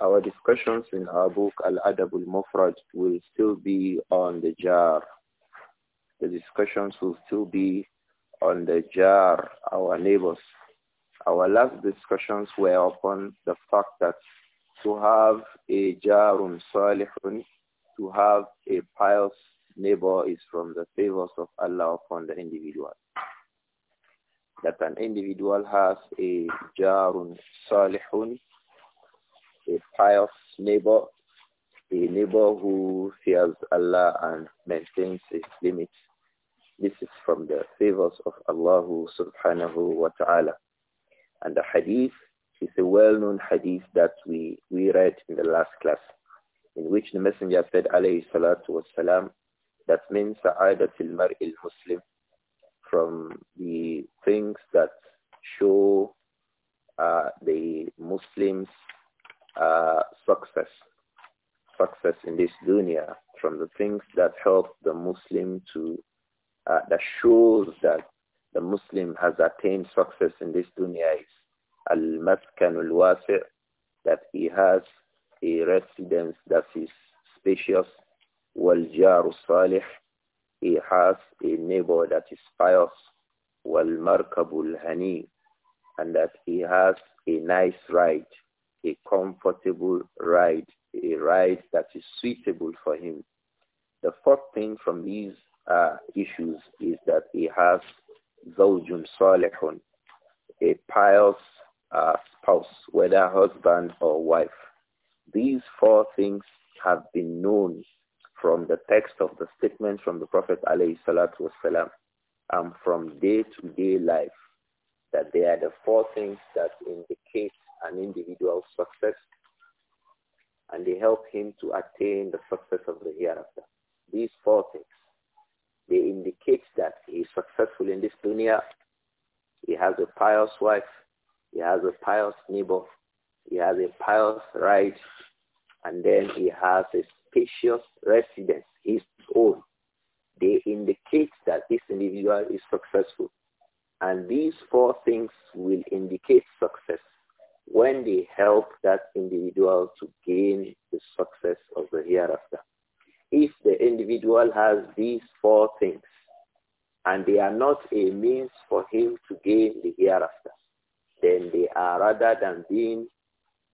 Our discussions in our book Al-Adab al-Mufrad will still be on the jar. The discussions will still be on the jar, our neighbors. Our last discussions were upon the fact that to have a jarun salihun, to have a pious neighbor is from the favors of Allah upon the individual. That an individual has a jarun salihun, a pious neighbor, a neighbor who fears Allah and maintains his limits. This is from the favors of Allah subhanahu wa ta'ala. And the hadith is a well-known hadith that we, we read in the last class, in which the messenger said, alayhi salatu wasalam, that means sa'adatil il muslim, from the things that show uh, the Muslims uh, success, success in this dunya, from the things that help the Muslim to, uh, that shows that the Muslim has attained success in this dunya is al-maskan al-wasi' that he has a residence that is spacious, wal-jaru salih, he has a neighbor that is pious, wal-markabul hani, and that he has a nice ride, a comfortable ride, a ride that is suitable for him. The fourth thing from these uh, issues is that he has zawjun salihun, a pious uh, spouse, whether husband or wife. These four things have been known from the text of the statement from the Prophet wasalam, and from day to -day life that they are the four things that indicate an individual's success and they help him to attain the success of the hereafter. These four things, they indicate that he is successful in this dunya, he has a pious wife, he has a pious neighbor, he has a pious right, and then he has a spacious residence, his own. They indicate that this individual is successful. And these four things will indicate success when they help that individual to gain the success of the hereafter. If the individual has these four things and they are not a means for him to gain the hereafter, then they are rather than being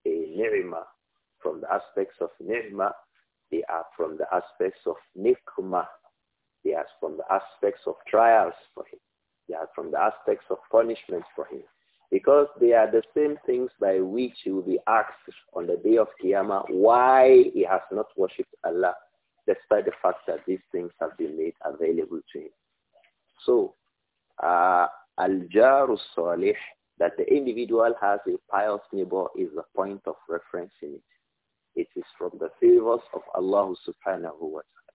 a ni'mah from the aspects of ni'mah, they are from the aspects of nikuma. They are from the aspects of trials for him. They are from the aspects of punishment for him. Because they are the same things by which he will be asked on the day of Qiyamah why he has not worshipped Allah despite the fact that these things have been made available to him. So, uh, al-jaru salih, that the individual has a pious neighbor is the point of reference in it. It is from the favors of Allah subhanahu wa ta'ala.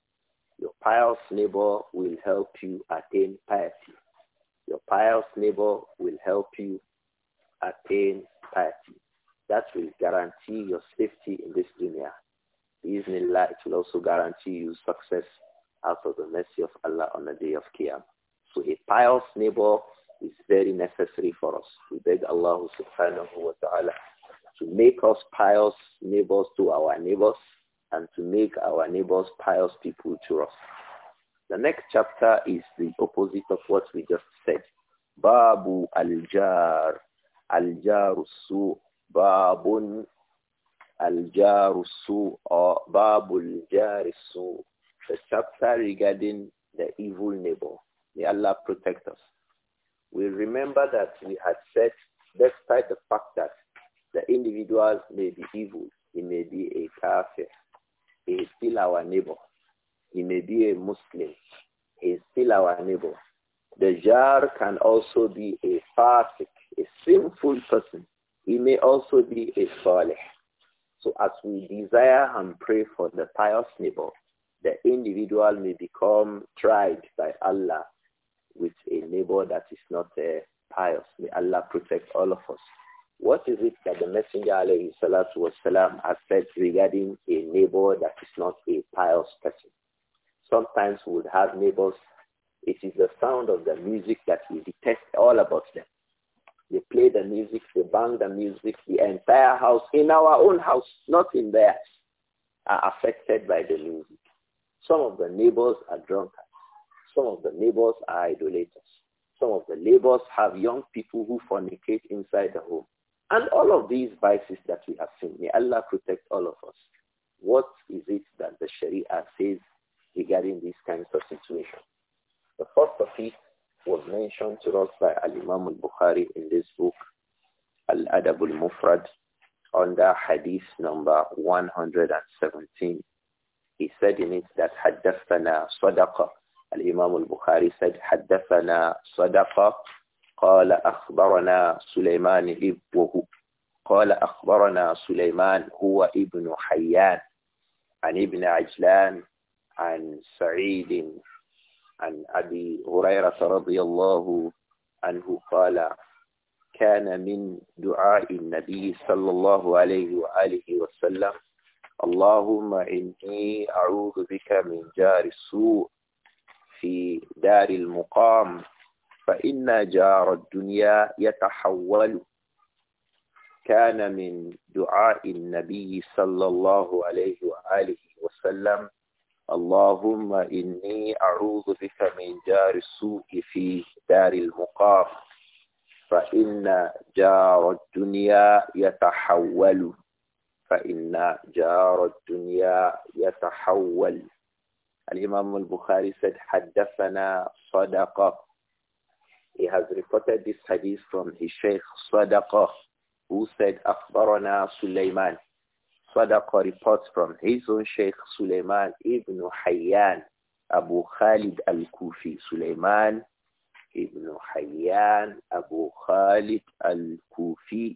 Your pious neighbor will help you attain piety. Your pious neighbor will help you attain piety. That will guarantee your safety in this dunya. in life will also guarantee you success out of the mercy of Allah on the day of Qiyam. So a pious neighbor is very necessary for us. We beg Allah subhanahu wa ta'ala to make us pious neighbors to our neighbors and to make our neighbors pious people to us. The next chapter is the opposite of what we just said. Babu al-jar. Al-jaru su babun al-jaru su or babul jari su. The chapter regarding the evil neighbor. May Allah protect us. We remember that we had said, despite the fact that the individuals may be evil, he may be a kafir, he is still our neighbor. He may be a Muslim, he is still our neighbor. The jar can also be a fasik, a sinful person, he may also be a salih. So as we desire and pray for the pious neighbor, the individual may become tried by Allah with a neighbor that is not a uh, pious. May Allah protect all of us. What is it that the Messenger alayhi salatu wasalam has said regarding a neighbor that is not a pious person? Sometimes we would have neighbors, it is the sound of the music that we detest all about them. They play the music, they bang the music, the entire house, in our own house, not in theirs, are affected by the music. Some of the neighbors are drunkards. Some of the neighbors are idolaters. Some of the neighbors have young people who fornicate inside the home. And all of these vices that we have seen, may Allah protect all of us. What is it that the Sharia says regarding these kinds of situations? The first of was mentioned to us by Al-Imam al-Bukhari in this book, Al-Adab al-Mufrad, under Hadith number 117. He said in it that حدثنا صدقة. الإمام Bukhari said حدثنا صدقة قال أخبرنا سليمان ابنه قال أخبرنا سليمان هو ابن حيان عن ابن عجلان عن سعيد عن أبي هريرة رضي الله عنه قال كان من دعاء النبي صلى الله عليه وآله وسلم اللهم إني أعوذ بك من جار السوء في دار المقام فإن جار الدنيا يتحول كان من دعاء النبي صلى الله عليه وآله وسلم اللهم إني أعوذ بك من جار السوء في دار المقام فإن جار الدنيا يتحول فإن جار الدنيا يتحول الإمام البخاري said حدثنا صدقة He has reported this hadith from his sheikh صدقة who said أخبرنا سليمان Sadaqa reports from his own Sheikh Suleiman ibn Hayyan Abu Khalid al-Kufi. Suleiman ibn Hayyan Abu Khalid al-Kufi.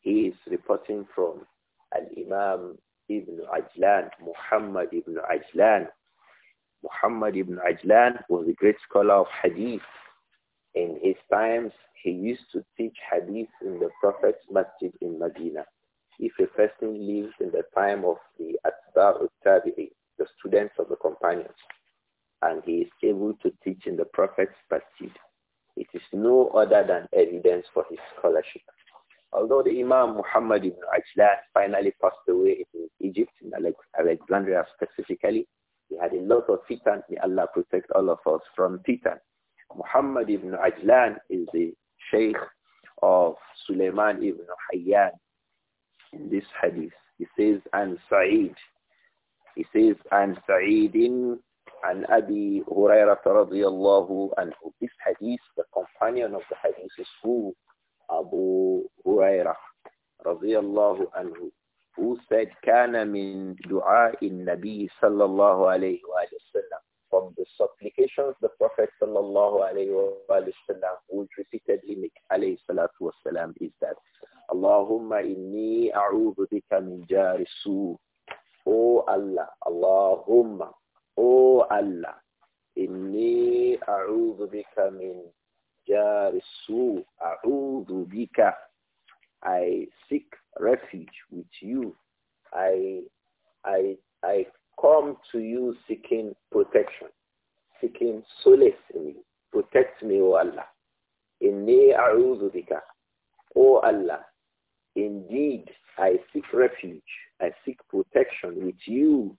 He is reporting from al-Imam ibn Ajlan, Muhammad ibn Ajlan. Muhammad ibn Ajlan was a great scholar of hadith. In his times, he used to teach hadith in the Prophet's masjid in Medina if a person lives in the time of the Atba'u the students of the companions, and he is able to teach in the Prophet's Masjid, it is no other than evidence for his scholarship. Although the Imam Muhammad ibn Ajlan finally passed away in Egypt, in Alexandria specifically, he had a lot of fitan. May Allah protect all of us from fitan. Muhammad ibn Ajlan is the sheikh of Suleiman ibn Hayyan in this hadith. He says, and Sa'id. He says, and Sa'idin an Abi Hurairah radiyallahu anhu. This hadith, the companion of the hadith is who? Abu Hurairah radiyallahu anhu. Who said, "Kana min دعاء النبي صلى الله عليه wa وسلم from the supplications the Prophet sallallahu would repeatedly make alayhi is that Allahumma inni a'udhu bika min jari su. O Allah, Allahumma, O Allah, inni a'udhu bika min jari su. A'udhu bika. I seek refuge with you. I, I, I come to you seeking protection, seeking solace in you. Protect me, O Allah. Inni a'udhu bika. O Allah, indeed I seek refuge, I seek protection with you,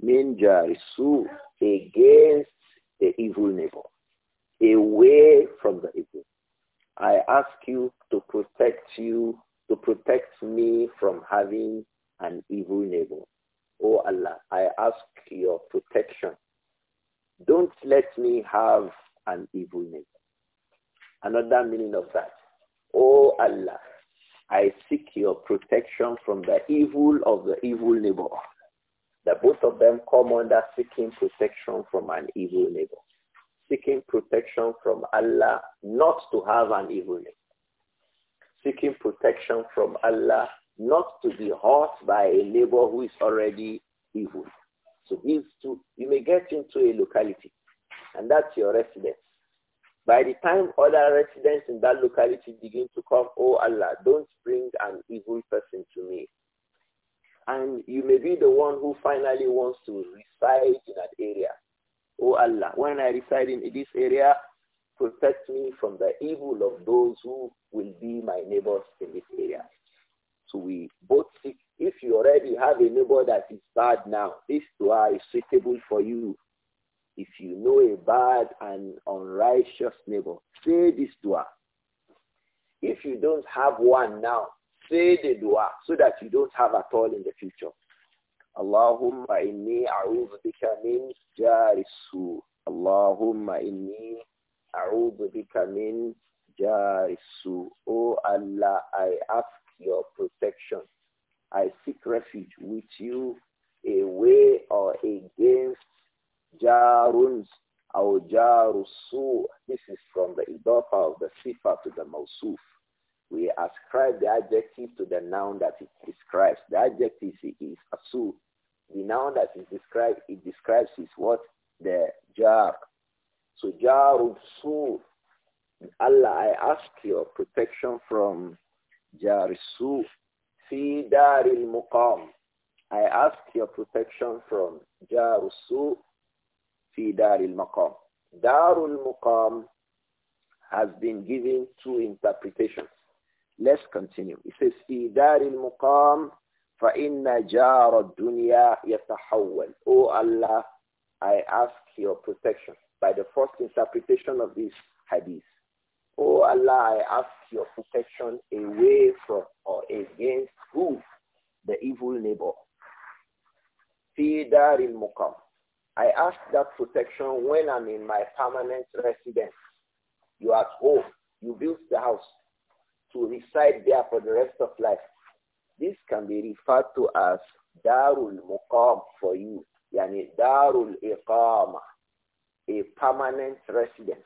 min jarisu, against the evil neighbor, away from the evil. I ask you to protect you, to protect me from having an evil neighbor oh Allah, I ask your protection. Don't let me have an evil neighbor. Another meaning of that. oh Allah, I seek your protection from the evil of the evil neighbor. That both of them come under seeking protection from an evil neighbor. Seeking protection from Allah not to have an evil neighbor. Seeking protection from Allah not to be hurt by a neighbor who is already evil. So these two, you may get into a locality, and that's your residence. By the time other residents in that locality begin to come, oh Allah, don't bring an evil person to me. And you may be the one who finally wants to reside in that area. Oh Allah, when I reside in this area, protect me from the evil of those who will be my neighbors in this area. So we both seek, if you already have a neighbor that is bad now, this dua is suitable for you. If you know a bad and unrighteous neighbor, say this dua. If you don't have one now, say the dua so that you don't have at all in the future. Allahumma inni a'udhu bika min jari su. Allahumma inni a'udhu bika min jari su. Oh Allah, I ask your protection. I seek refuge with you away or against jaruns or jarusu. This is from the idafa of the sifa to the mausuf. We ascribe the adjective to the noun that it describes. The adjective is asu. The noun that it describes is what? The jar. So jarusu. Allah, I ask your protection from Jarisu fi daril muqam. I ask your protection from Jarusu fi daril maqam. Darul muqam has been given two interpretations. Let's continue. It says, في دار المقام فإن جار الدنيا يتحول. Oh Allah, I ask your protection. By the first interpretation of this hadith, Oh Allah, I ask your protection away from or against who? The evil neighbor. Fidar Mukam. I ask that protection when I'm in my permanent residence. You are at home. You built the house to reside there for the rest of life. This can be referred to as Darul Muqam for you. Yani Darul Iqama. A permanent residence.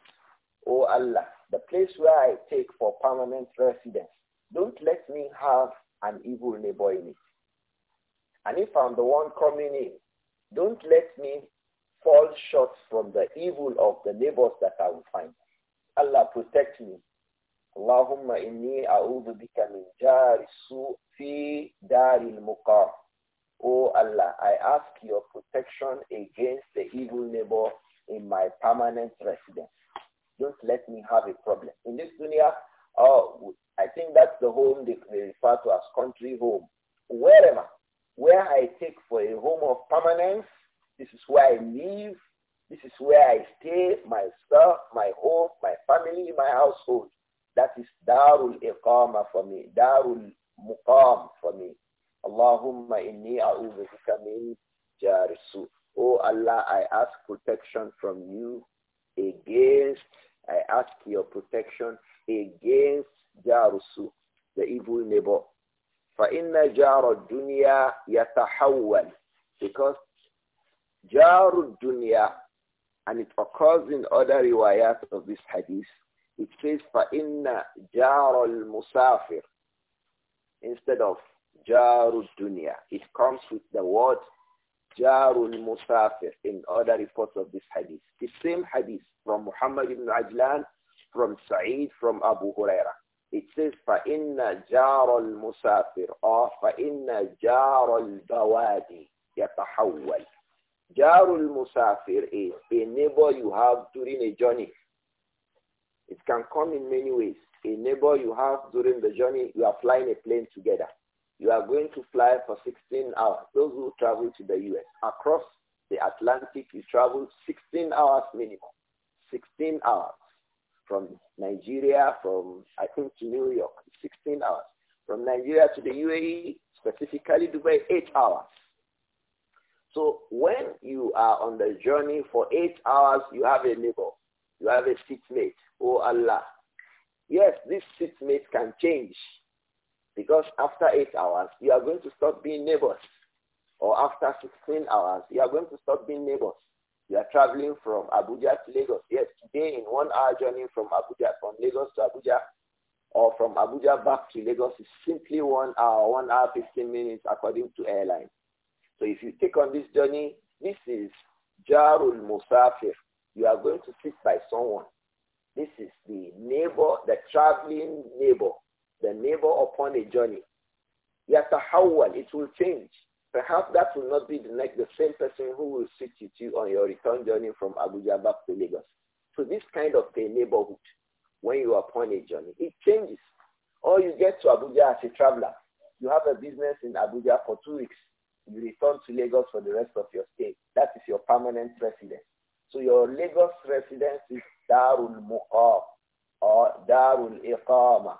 Oh Allah, the place where I take for permanent residence, don't let me have an evil neighbor in it. And if I'm the one coming in, don't let me fall short from the evil of the neighbors that I will find. Allah protect me. Allahumma inni a'udhu bika min jari su fi daril muqam. Oh Allah, I ask your protection against the evil neighbor in my permanent residence. Don't let me have a problem. In this dunya, oh, I think that's the home they, refer to as country home. Wherever, where I take for a home of permanence, this is where I live, this is where I stay, my stuff, my home, my family, my household. That is Darul Iqama for me, Darul Muqam for me. Allahumma inni a'udhuka min jarisu. Oh Allah, I ask protection from you against I ask your protection against jarusu, the evil neighbor. فَإِنَّ جَارَ الدُّنْيَا يَتَحَوَّلُ Because jaru and it occurs in other riwayat of this hadith, it says فَإِنَّ جَارَ الْمُسَافِرُ Instead of jaru it comes with the word Jarul Musafir in other reports of this hadith. The same hadith from Muhammad ibn Ajlan, from Sa'id, from Abu Huraira. It says, فَإِنَّ جَارَ الْمُسَافِرِ or فَإِنَّ جَارَ الْبَوَادِ يَتَحَوَّلِ Jarul Musafir is a neighbor you have during a journey. It can come in many ways. A neighbor you have during the journey, you are flying a plane together. You are going to fly for 16 hours. Those who travel to the U.S. across the Atlantic, you travel 16 hours minimum. 16 hours from Nigeria, from I think to New York, 16 hours. From Nigeria to the UAE, specifically Dubai, 8 hours. So when you are on the journey for 8 hours, you have a neighbor. You have a seatmate. Oh Allah. Yes, this seatmate can change. Because after eight hours, you are going to stop being neighbors. Or after 16 hours, you are going to stop being neighbors. You are traveling from Abuja to Lagos. Yes, today in one hour journey from Abuja, from Lagos to Abuja, or from Abuja back to Lagos is simply one hour, one hour, 15 minutes according to airline. So if you take on this journey, this is Jarul Musafir. You are going to sit by someone. This is the neighbor, the traveling neighbor the neighbor upon a journey. Yatahawwal, it will change. Perhaps that will not be the next, the same person who will sit with you on your return journey from Abuja back to Lagos. So this kind of a neighborhood, when you are upon a journey, it changes. Or you get to Abuja as a traveler. You have a business in Abuja for two weeks. You return to Lagos for the rest of your stay. That is your permanent residence. So your Lagos residence is Darul Muqam or Darul Iqama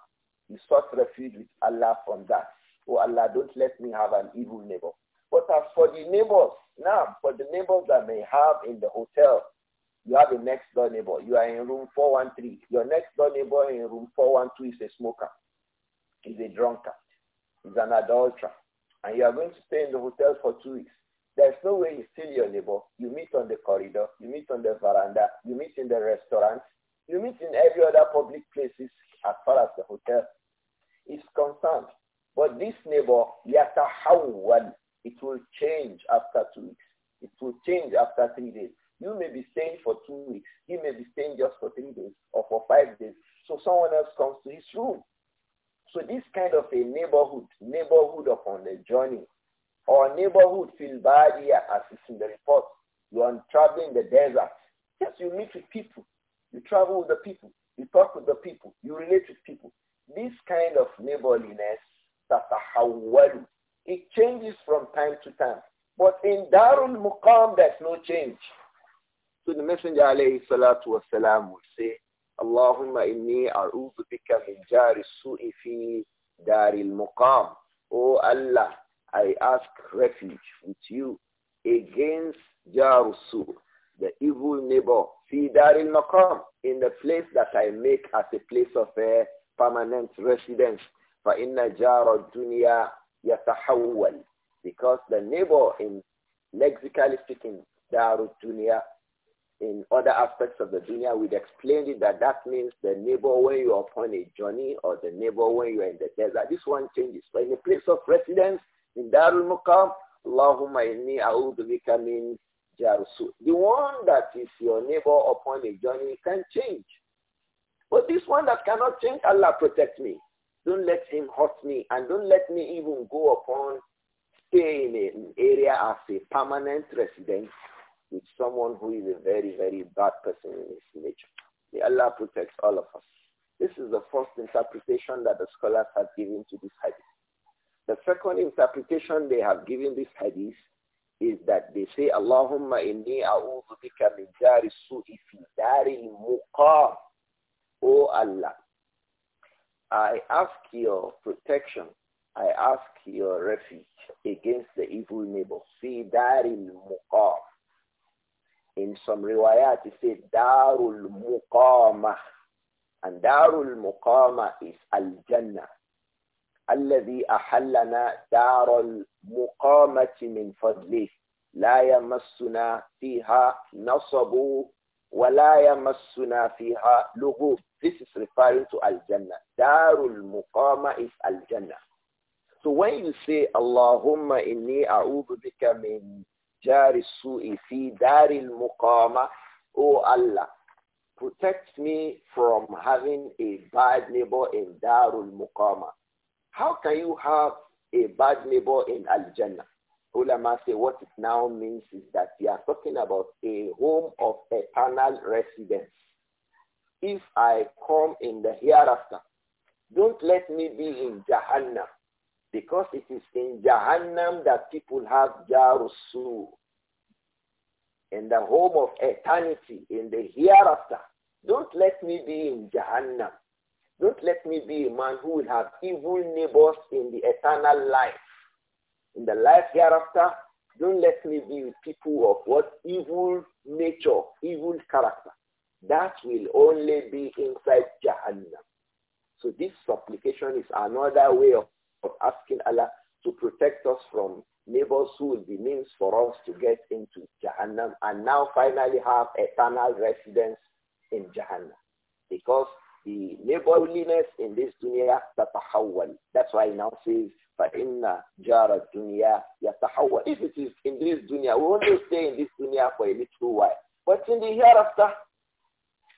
he sought refuge with Allah from that. Oh Allah, don't let me have an evil neighbor. But as for the neighbors, now for the neighbors that may have in the hotel, you have a next door neighbor. You are in room 413. Your next door neighbor in room 412 is a smoker. He's a drunkard. He's an adulterer. And you are going to stay in the hotel for two weeks. There's no way you steal your neighbor. You meet on the corridor. You meet on the veranda. You meet in the restaurant. You meet in every other public places as far as the hotel is concerned. But this neighbor, yatahawwal, it will change after two weeks. It will change after three days. You may be staying for two weeks. He may be staying just for three days or for five days. So someone else comes to his room. So this kind of a neighborhood, neighborhood upon the journey, or neighborhood feel bad here, as it's in the report. You are traveling the desert. Yes, you meet with people. You travel with the people. You talk with the people. You relate with people. This kind of neighborliness, tatahawalu, it changes from time to time. But in Darul Muqam, there's no change. So the Messenger alayhi salatu wasalam would say, Allahumma inni a'udhu bika min jari su'i fi daril muqam. O Allah, I ask refuge with you against jaru su, the evil neighbor, fi daril muqam, in the place that I make as a place of uh, permanent residence. فَإِنَّ جَارَ الدُّنْيَا يَتَحَوَّلُ Because the neighbor in, lexically speaking, دارُ Dunya, in other aspects of the dunya, we'd explained it that that means the neighbor when you're upon a journey or the neighbor when you're in the desert. This one changes. But in the place of residence, in Darul Muqam, Allahumma inni a'udhu bika min jarusu. The one that is your neighbor upon a journey can change. But this one that cannot change, Allah protect me. Don't let him hurt me and don't let me even go upon stay in an area as a permanent resident with someone who is a very, very bad person in his nature. May Allah protect all of us. This is the first interpretation that the scholars have given to this hadith. The second interpretation they have given this hadith is that they say, Allahumma inni a'udhu bika min dari su'i fi dari muqam. O Allah, I ask your protection. I ask your refuge against the evil neighbor. See Daril Muqam. In some riwayat, it says Darul Muqama, And Darul Muqama is Al-Jannah. الذي أحلنا دار المقامة من فضله لا يمسنا فيها نصب وَلَا يَمَسُّنَا فِيهَا This is referring to Al-Jannah. Darul Muqama is Al-Jannah. So when you say, Allahumma inni a'udhu bika min jari su'i fi daril muqama, O Allah, protect me from having a bad neighbor in darul muqama. How can you have a bad neighbor in Al-Jannah? Ulama say what it now means is that we are talking about a home of eternal residence. If I come in the hereafter, don't let me be in Jahannam because it is in Jahannam that people have Jarusu. In the home of eternity, in the hereafter, don't let me be in Jahannam. Don't let me be a man who will have evil neighbors in the eternal life in the life hereafter, don't let me be with people of what evil nature, evil character. That will only be inside Jahannam. So this supplication is another way of, of asking Allah to protect us from neighbors who will be means for us to get into Jahannam and now finally have eternal residence in Jahannam. Because the neighborliness in this dunya, Well, That's why he now says, فَإِنَّ جَارَ الدُّنْيَا If it is in this dunya, we only stay in this dunya for a little while. But in the hereafter,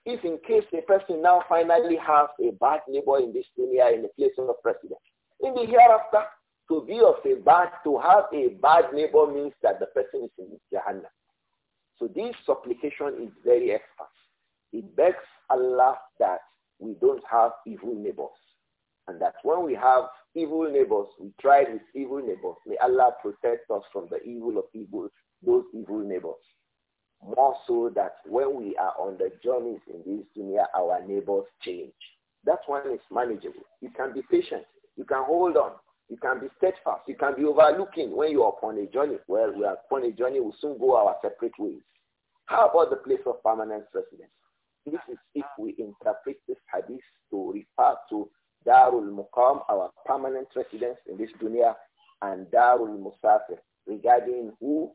if in case a person now finally has a bad neighbor in this dunya in the place of the president, in the hereafter, to be of a bad, to have a bad neighbor means that the person is in Jahannam. So this supplication is very expert. It begs Allah that we don't have evil neighbors. And that when we have evil neighbors. We tried with evil neighbors. May Allah protect us from the evil of evil, those evil neighbors. More so that when we are on the journeys in this dunya, our neighbors change. That one is manageable. You can be patient. You can hold on. You can be steadfast. You can be overlooking when you are upon a journey. Well, we are upon a journey. We'll soon go our separate ways. How about the place of permanent residence? This is if we interpret this hadith to refer to Darul Muqam, our permanent residence in this dunya, and Darul Musafir, regarding who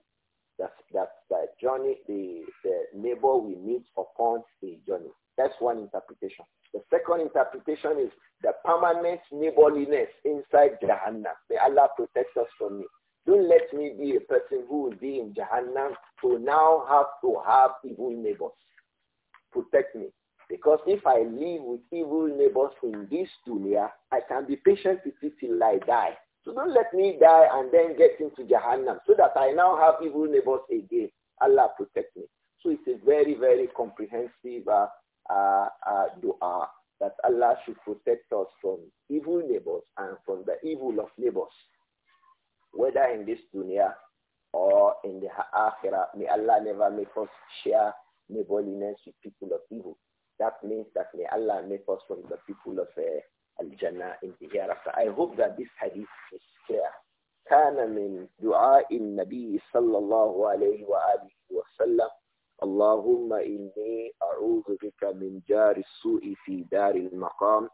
that, that, that journey, the, the neighbor we meet upon the journey. That's one interpretation. The second interpretation is the permanent neighborliness inside Jahannam. May Allah protect us from it. Don't let me be a person who will be in Jahannam who now have to have evil neighbors. Protect me. Because if I live with evil neighbors in this dunya, I can be patient with it till I die. So don't let me die and then get into Jahannam so that I now have evil neighbors again. Allah protect me. So it's a very, very comprehensive uh, uh, uh, dua that Allah should protect us from evil neighbors and from the evil of neighbors, whether in this dunya or in the akhirah. May Allah never make us share neighborliness with people of evil. That means that may Allah make us from the people of uh, Al-Jannah in the hereafter. I hope that this hadith is clear. كان من دعاء النبي صلى الله عليه وآله وسلم اللهم إني أعوذ بك من جار السوء في دار المقام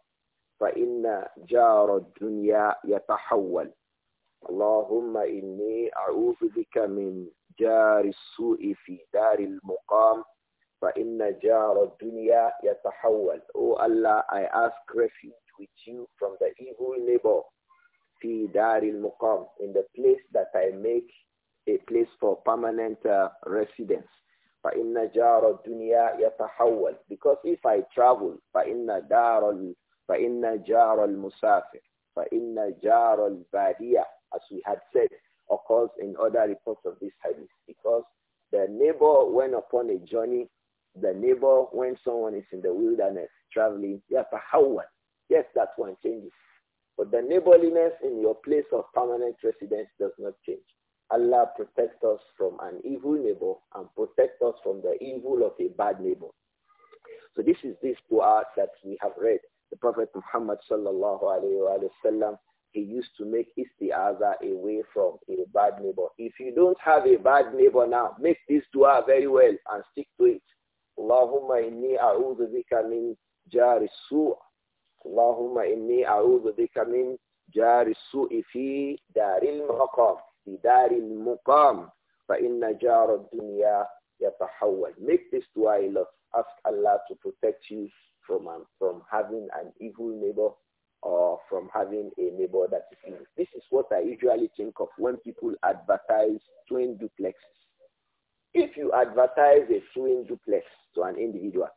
فإن جار الدنيا يتحول اللهم إني أعوذ بك من جار السوء في دار المقام فَإِنَّ جَارَ الدُّنْيَا يَتَحَوَّلْ O Allah, I ask refuge with you from the evil neighbor فِي دَارِ الْمُقَامِ In the place that I make a place for permanent uh, residence. فَإِنَّ جَارَ الدُّنْيَا يَتَحَوَّلْ Because if I travel, فَإِنَّ دَارَ فَإِنَّ جَارَ الْمُسَافِرِ فَإِنَّ جَارَ الْبَادِيَةِ As we had said, occurs in other reports of this hadith because the neighbor went upon a journey the neighbor, when someone is in the wilderness traveling, yes, how Yes, that one changes. But the neighborliness in your place of permanent residence does not change. Allah protect us from an evil neighbor and protect us from the evil of a bad neighbor. So this is this dua that we have read. The Prophet Muhammad sallallahu alayhi wasallam he used to make istiaza away from a bad neighbor. If you don't have a bad neighbor now, make this dua very well and stick to it. Allahumma inni a'udhu bika min jari su' Allahumma inni a'udhu bika min jari su'i fi daril maqam fi daril muqam فَإِنَّ جَارَ الدُّنْيَا يَتَحَوَّل. make this dua a ask Allah to protect you from um, from having an evil neighbor or from having a neighbor that is evil. This is what I usually think of when people advertise twin duplexes. If you advertise a twin duplex to an individual,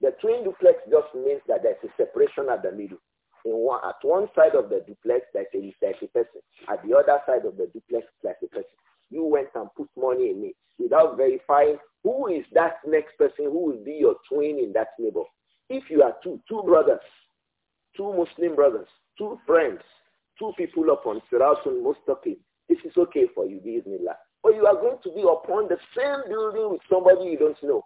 the twin duplex just means that there's a separation at the middle. One, at one side of the duplex, there's a, a person. At the other side of the duplex, there's a person. You went and put money in it without verifying who is that next person who will be your twin in that neighbor. If you are two, two brothers, two Muslim brothers, two friends, two people upon Siratun Mustaqim, this is okay for you, Bismillah. Or you are going to be upon the same building with somebody you don't know.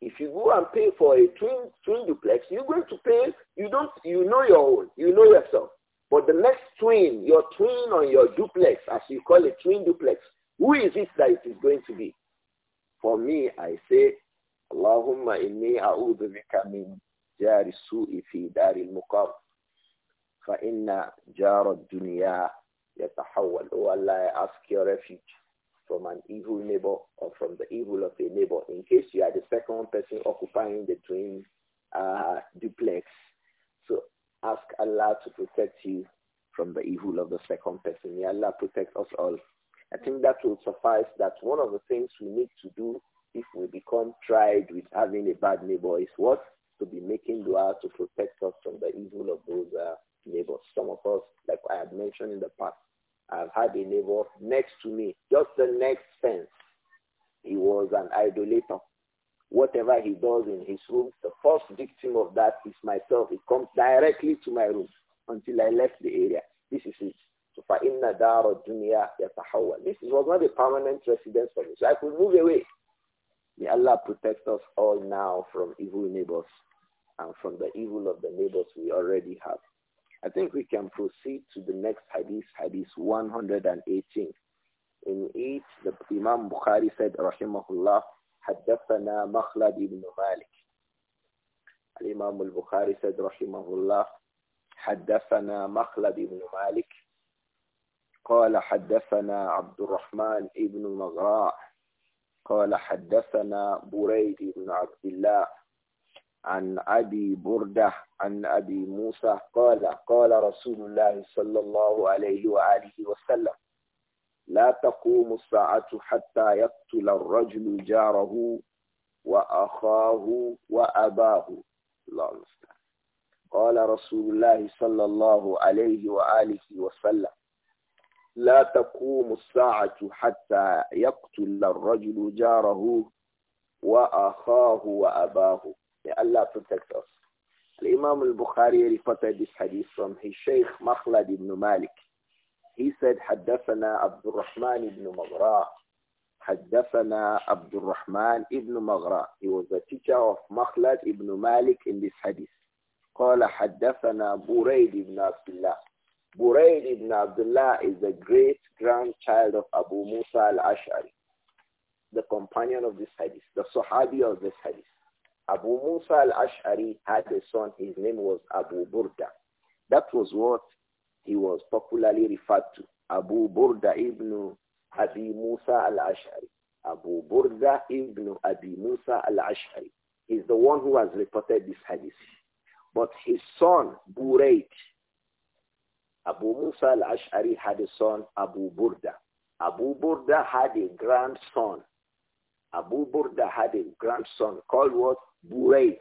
If you go and pay for a twin, twin duplex, you're going to pay, you don't, you know your own, you know yourself. But the next twin, your twin on your duplex, as you call it, twin duplex, who is it that it is going to be? For me, I say, Allahumma inni a'udhu bika min jari su'i fi dari muqam fa inna jara dunya يتحول Oh Allah, ask your refuge from an evil neighbor or from the evil of a neighbor in case you are the second person occupying the dream uh, duplex. So ask Allah to protect you from the evil of the second person. May Allah protect us all. I think that will suffice that one of the things we need to do if we become tried with having a bad neighbor is what? To be making dua to protect us from the evil of those uh, neighbors. Some of us, like I had mentioned in the past, I've had a neighbor next to me, just the next fence. He was an idolater. Whatever he does in his room, the first victim of that is myself. It comes directly to my room until I left the area. This is it. So فَإِنَّ دَارَ This was not a permanent residence for me, so I could move away. May Allah protect us all now from evil neighbors and from the evil of the neighbors we already have. I think we can proceed to the next hadith, hadith 118. In it, the Imam Bukhari said, Rahimahullah, Haddathana Makhlad ibn Malik. Imam al-Bukhari said, "Rasulullah Haddathana Makhlad ibn Malik. Qala Haddathana Abdurrahman ibn Maghra. Qala Haddathana Buraid ibn Abdullah. عن أبي بردة عن أبي موسى قال قال رسول الله صلى الله عليه وآله وسلم لا تقوم الساعة حتى يقتل الرجل جاره وأخاه وأباه الله المستعان قال رسول الله صلى الله عليه وآله وسلم لا تقوم الساعة حتى يقتل الرجل جاره وأخاه وأباه May Allah protect us. Al imam al-Bukhari reported this hadith from his Shaykh Makhlad ibn Malik. He said, حدثنا عبد الرحمن ibn مغراء حدثنا عبد الرحمن ibn مغراء He was a teacher of Makhlad ibn Malik in this hadith. قال حدثنا بريد ibn عبد الله Burayd ibn Abdullah is the great grandchild of Abu Musa al-Ash'ari, the companion of this hadith, the Sahabi of this hadith. Abu Musa al-Ash'ari had a son. His name was Abu Burda. That was what he was popularly referred to. Abu Burda ibn Abi Musa al-Ash'ari. Abu Burda ibn Abi Musa al-Ash'ari is the one who has reported this hadith. But his son, Buraidh. Abu Musa al-Ash'ari had a son, Abu Burda. Abu Burda had a grandson. Abu Burda had a grandson called what? Buraid.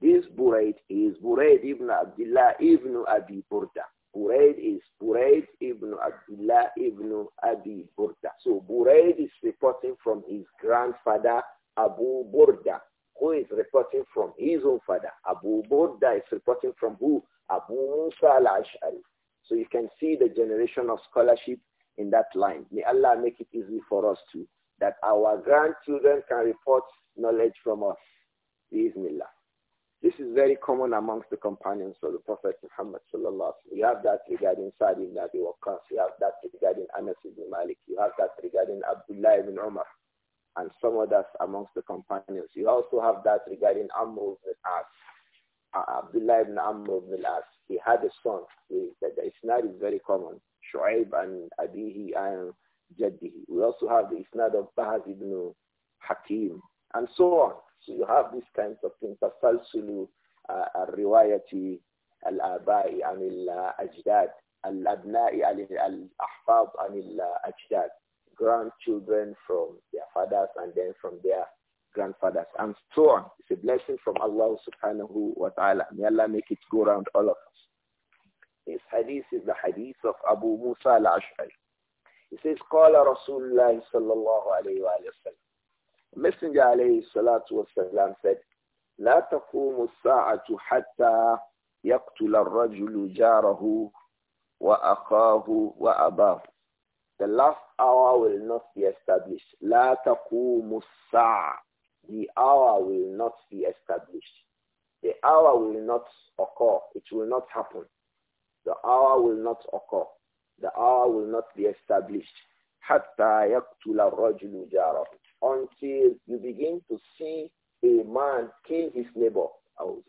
This Buraid is Buraid ibn Abdullah ibn Abi Burda. Buraid is Buraid ibn Abdullah ibn Abi Burda. So Buraid is reporting from his grandfather Abu Burda, who is reporting from his own father. Abu Burda is reporting from who? Abu Musa al-Ash'ari. So you can see the generation of scholarship in that line. May Allah make it easy for us too, that our grandchildren can report knowledge from us. Bismillah. This is very common amongst the companions of the Prophet Muhammad sallallahu You have that regarding Sa'd ibn Abi Waqqas. You have that regarding Anas ibn Malik. You have that regarding Abdullah ibn Umar and some others amongst the companions. You also have that regarding Amr ibn As. Uh, Abdullah ibn Amr ibn As. He had a son. He, the, the isnad is very common. Shu'aib and Abihi and Jaddihi. We also have the isnad of Bahaz ibn Hakim and so on. So you have these kinds of things. Tasalsulu uh, al-riwayati al-aba'i al uh, ajdad al-abna'i al-ahfad anil uh, ajdad grandchildren from their fathers and then from their grandfathers and so on. It's a blessing from Allah subhanahu wa ta'ala. May Allah make it go around all of us. This hadith is the hadith of Abu Musa al-Ash'ari. He says, قال رسول الله صلى الله عليه وآله وسلم Messenger alayhi salatu wasalam said, لا تقوم الساعة حتى يقتل الرجل جاره وأخاه وأباه. The last hour will not be established. لا تقوم الساعة. The hour will not be established. The hour will not occur. It will not happen. The hour will not occur. The hour will not be established. حتى يقتل الرجل جاره until you begin to see a man kill his neighbor. I will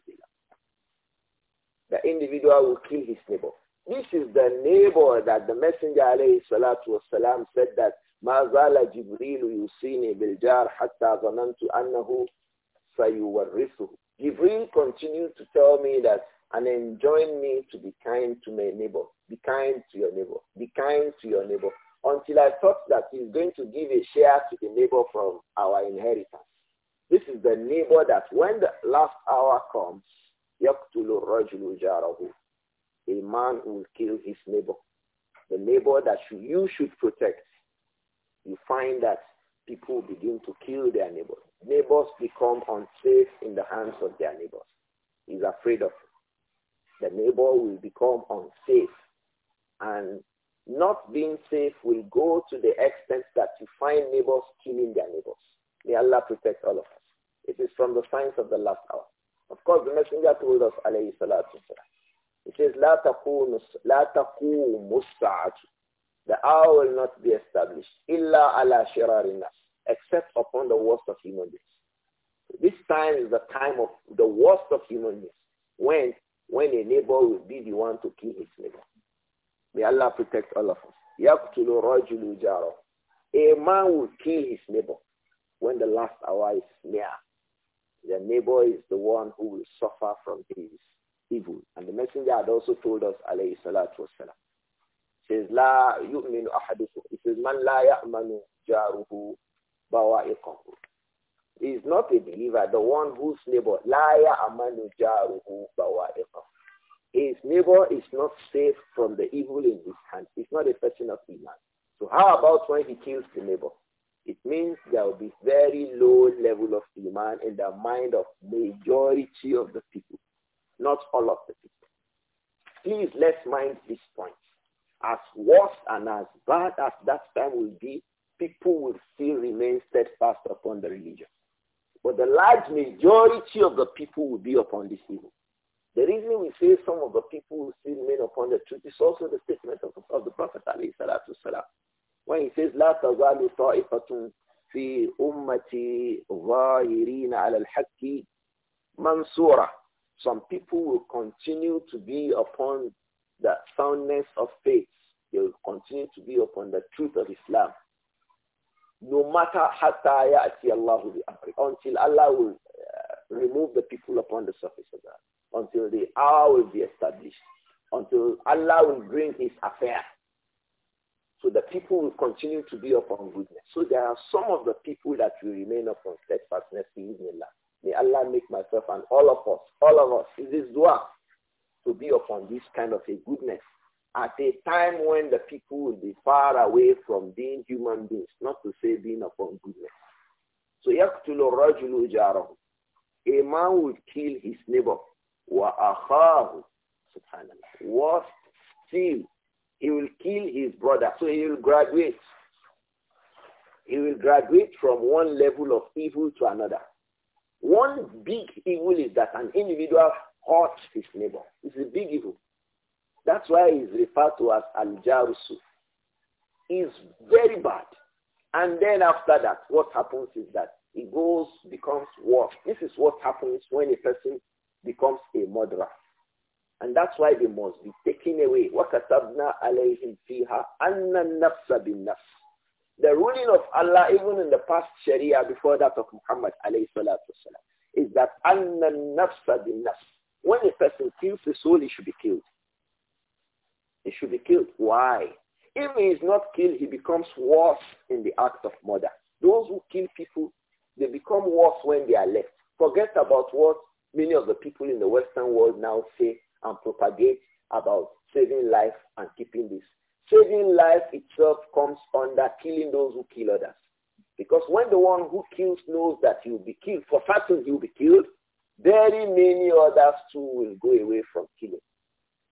that The individual will kill his neighbor. This is the neighbor that the Messenger alayhi salatu wasalam said that ما زال جبريل يوصيني بالجار حتى ظننت أنه سيورثه. Jibril continued to tell me that and enjoin me to be kind to my neighbor. Be kind to your neighbor. Be kind to your neighbor until I thought that he's going to give a share to the neighbor from our inheritance. This is the neighbor that when the last hour comes, A man will kill his neighbor. The neighbor that you should protect. You find that people begin to kill their neighbors. Neighbors become unsafe in the hands of their neighbors. He's afraid of The neighbor will become unsafe and not being safe will go to the extent that you find neighbors killing their neighbors. May Allah protect all of us. It is from the signs of the last hour. Of course, the messenger told us, alayhi salatu He says, la taqumu The hour will not be established. Illa ala shirarin Except upon the worst of human beings. This time is the time of the worst of human beings. When, when a neighbor will be the one to kill his neighbor. May Allah protect all of us. يَقْتُلُ رَجُلُ جَارَهُ A man will kill his neighbor when the last hour is near. The neighbor is the one who will suffer from his evil. And the messenger had also told us, alayhi salatu wasalam, says, La yu'minu أحدكم. He says, من لا يأمن bawa بوائقه. He is not a believer, the one whose neighbor, لا يأمن جاره بوائقه his neighbor is not safe from the evil in his hand. It's not a person of Iman. So how about when he kills the neighbor? It means there will be very low level of Iman in the mind of majority of the people, not all of the people. Please let's mind this point. As worse and as bad as that time will be, people will still remain steadfast upon the religion. But the large majority of the people will be upon this evil. The reason we say some of the people still remain upon the truth is also the statement of, of the Prophet alayhi salatu When he says, لا تزال طائفة في أمتي ظاهرين على الحق منصورة. Some people will continue to be upon the soundness of faith. They will continue to be upon the truth of Islam. No matter حتى يأتي الله بأمره. Until Allah will uh, remove the people upon the surface of the earth until the hour will be established, until Allah will bring his affair. So the people will continue to be upon goodness. So there are some of the people that will remain upon steadfastness in Allah. May Allah make myself and all of us, all of us, in this dua, to be upon this kind of a goodness at a time when the people will be far away from being human beings, not to say being upon goodness. So يَقْتُلُ الرَّجُلُ جَارَهُ A man would kill his neighbor. وَأَخَاهُ Worse still, he will kill his brother. So he will graduate. He will graduate from one level of evil to another. One big evil is that an individual hurts his neighbor. It's a big evil. That's why he's referred to as Al-Jarusu. He's very bad. And then after that, what happens is that he goes, becomes worse. This is what happens when a person becomes a murderer. And that's why they must be taken away. The ruling of Allah, even in the past Sharia before that of Muhammad is that When a person kills the soul, he should be killed. He should be killed. Why? If he is not killed, he becomes worse in the act of murder. Those who kill people, they become worse when they are left. Forget about what many of the people in the Western world now say and propagate about saving life and keeping this. Saving life itself comes under killing those who kill others. Because when the one who kills knows that he will be killed, for certain he will be killed, very many others too will go away from killing.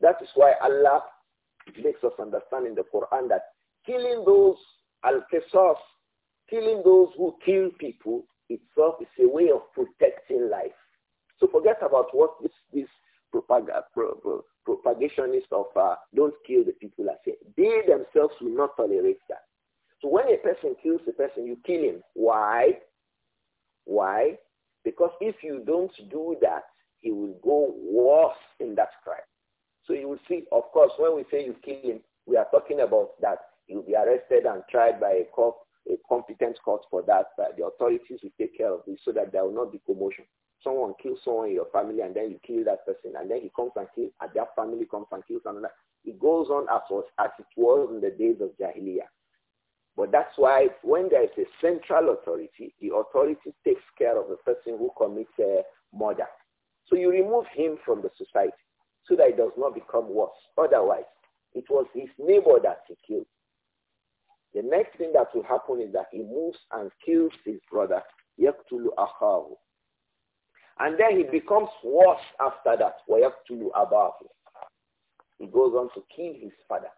That is why Allah makes us understand in the Quran that killing those al killing those who kill people itself is a way of protecting life. So forget about what this, this propag pro pro of uh, don't kill the people are saying. They themselves will not tolerate that. So when a person kills a person, you kill him. Why? Why? Because if you don't do that, he will go worse in that crime. So you will see, of course, when we say you kill him, we are talking about that he will be arrested and tried by a court, a competent court for that. But the authorities will take care of this so that there will not be commotion someone kills someone in your family and then you kill that person and then he comes and kills and that family comes and kills another. It goes on as, was, as it was in the days of Jahiliyyah. But that's why when there is a central authority, the authority takes care of the person who commits a murder. So you remove him from the society so that it does not become worse. Otherwise, it was his neighbor that he killed. The next thing that will happen is that he moves and kills his brother, يَقْتُلُ أَخَاهُ and then he becomes worse after that. وَيَقْتُلُ أَبَاهُ He goes on to kill his father.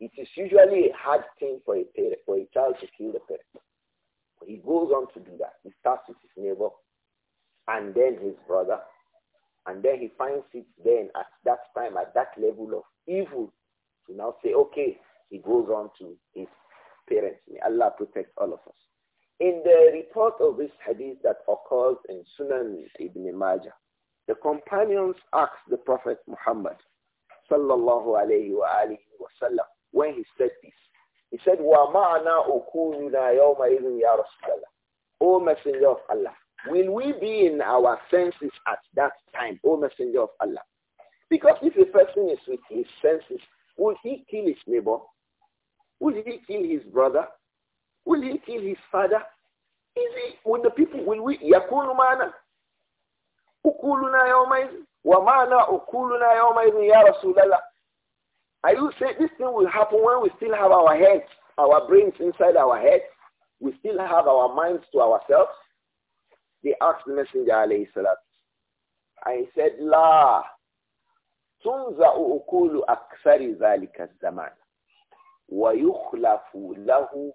It is usually a hard thing for a parent, for a child to kill the parent. But he goes on to do that. He starts with his neighbor and then his brother. And then he finds it then at that time, at that level of evil, to now say, okay, he goes on to his parents. May Allah protect all of us. In the report of this hadith that occurs in Sunan Ibn Majah, the companions asked the Prophet Muhammad sallallahu alayhi wa alihi when he said this. He said, Wa ma'ana ukununa yawma idhin ya Rasulallah. O Messenger of Allah, will we be in our senses at that time, O Messenger of Allah? Because if a person is with his senses, will he kill his neighbor? Will he kill his brother? Will he kill his father? easy with the people. Will we yakunu mana? Ukuluna yawmaizin. Wa mana ukuluna yawmaizin ya Rasulallah. Are you saying this thing will happen when we still have our heads, our brains inside our heads? We still have our minds to ourselves? They asked the Messenger alayhi salat. I said, La tunza'u ukulu aksari zalika zaman. ويخلف lahu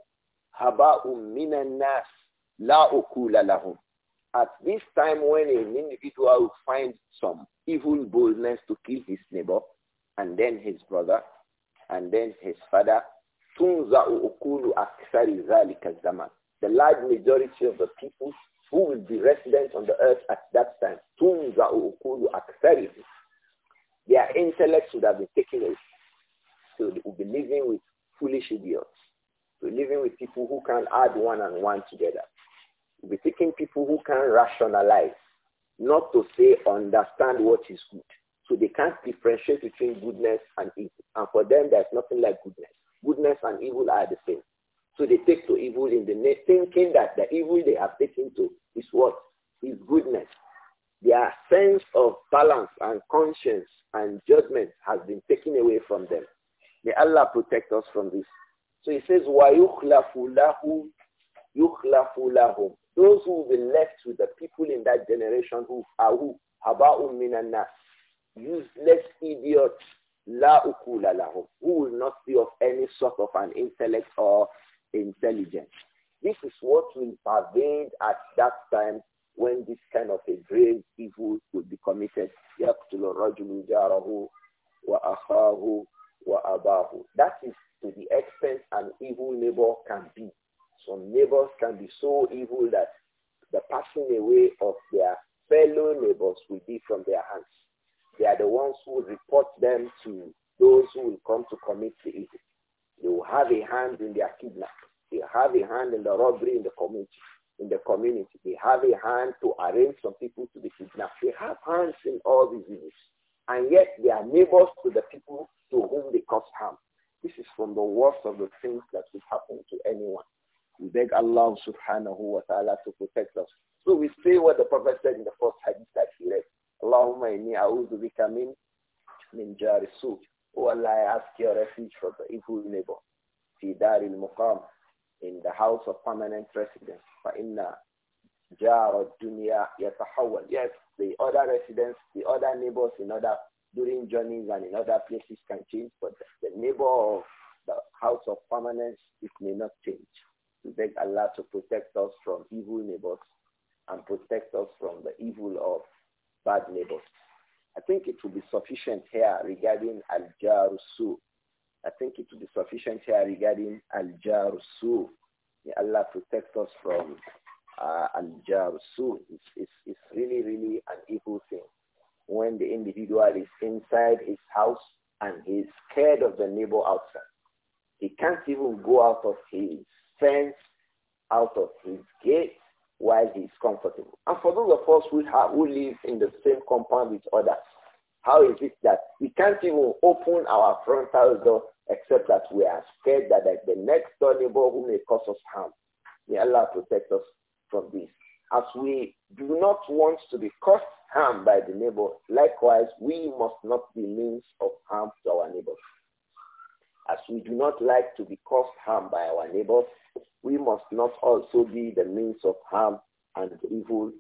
هباء من nas La lahum. At this time when an individual finds some evil boldness to kill his neighbor, and then his brother, and then his father, The large majority of the people who will be residents on the earth at that time, Their intellects would have been taken away. So they will be living with foolish idiots. So living with people who can add one and one together. We'll be seeking people who can rationalize, not to say understand what is good. So they can't differentiate between goodness and evil. And for them, there's nothing like goodness. Goodness and evil are the same. So they take to evil in the name, thinking that the evil they have taken to is what? Is goodness. Their sense of balance and conscience and judgment has been taken away from them. May Allah protect us from this. So he says, وَيُخْلَفُ لَهُ يُخْلَفُ those who will be left with the people in that generation who are who? Haba'un minannas. Useless idiots. La ukula lahum. Who will not be of any sort of an intellect or intelligence. This is what will pervade at that time when this kind of a grave evil will be committed. That is to the extent an evil neighbor can be. Some neighbors can be so evil that the passing away of their fellow neighbors will be from their hands. They are the ones who report them to those who will come to commit the evil. They will have a hand in their kidnapping. They have a hand in the robbery in the community. In the community, they have a hand to arrange some people to be kidnapped. They have hands in all these evils, and yet they are neighbors to the people to whom they cause harm. This is from the worst of the things that could happen to anyone. We beg Allah subhanahu wa ta'ala to protect us. So we say what the Prophet said in the first hadith that he read. Allahumma inni a'udhu bika min min jari su. Oh Allah, I ask your refuge from the evil neighbor. Fi daril muqam. In the house of permanent residence. Fa inna jar dunya yatahawwal. Yes, the other residents, the other neighbors in other during journeys and in other places can change, but the neighbor of the house of permanence, it may not change to beg Allah to protect us from evil neighbors and protect us from the evil of bad neighbors. I think it will be sufficient here regarding Al-Jarusu. I think it will be sufficient here regarding Al-Jarusu. May Allah protect us from uh, Al-Jarusu. It's, it's, it's really, really an evil thing when the individual is inside his house and he is scared of the neighbor outside. He can't even go out of his fence out of his gate while he is comfortable. And for those of us who, have, who live in the same compound with others, how is it that we can't even open our frontal door except that we are scared that the next door neighbor who may cause us harm? May Allah protect us from this. As we do not want to be caused harm by the neighbor, likewise, we must not be means of harm to our neighbors. As we do not like to be caused harm by our neighbors, we must not also be the means of harm and evil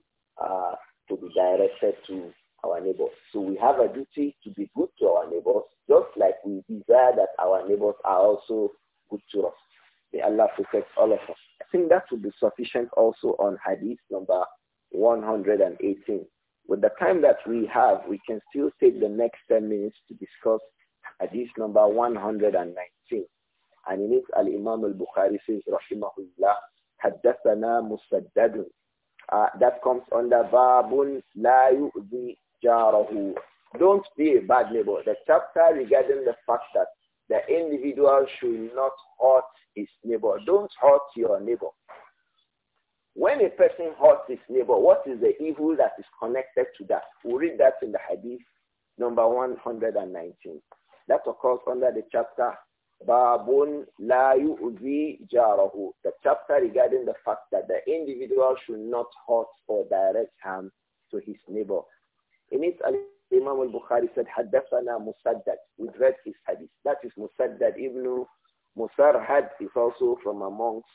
uh, to be directed to our neighbors. So we have a duty to be good to our neighbors, just like we desire that our neighbors are also good to us. May Allah protect all of us. I think that would be sufficient also on Hadith number 118. With the time that we have, we can still take the next 10 minutes to discuss Hadith number 119. And in it, Al-Imam al-Bukhari says, Rahimahullah, Haddathana Musaddadun. Uh, that comes under Babun La Yu'zi Jarahu. Don't be a bad neighbor. The chapter regarding the fact that the individual should not hurt his neighbor. Don't hurt your neighbor. When a person hurts his neighbor, what is the evil that is connected to that? we read that in the hadith number 119. That occurs under the chapter Babun La Yu'zi Jarahu, the chapter regarding the fact that the individual should not hurt or direct harm to his neighbor. In it, Imam al-Bukhari said, Haddathana Musaddad. We read his hadith. That is Musaddad ibn Musarhad is also from amongst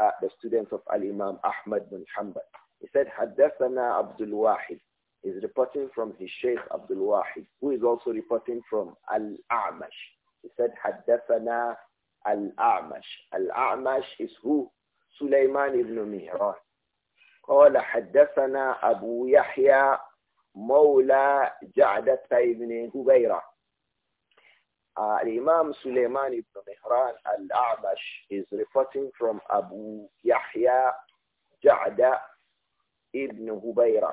uh, the students of Al-Imam Ahmad bin Hanbal. He said, Haddathana Abdul Wahid is reporting from his Sheikh Abdul Wahid, who is also reporting from Al-A'mash. He said, Haddathana Al-A'mash. Al-A'mash is who? Sulaiman ibn Mihran. قال حدثنا أبو يحيى مولى جعدة ابن هبيرة. Uh, Imam Suleiman ibn Mihran al-A'mash is reporting from Abu Yahya Ja'da ibn Hubayra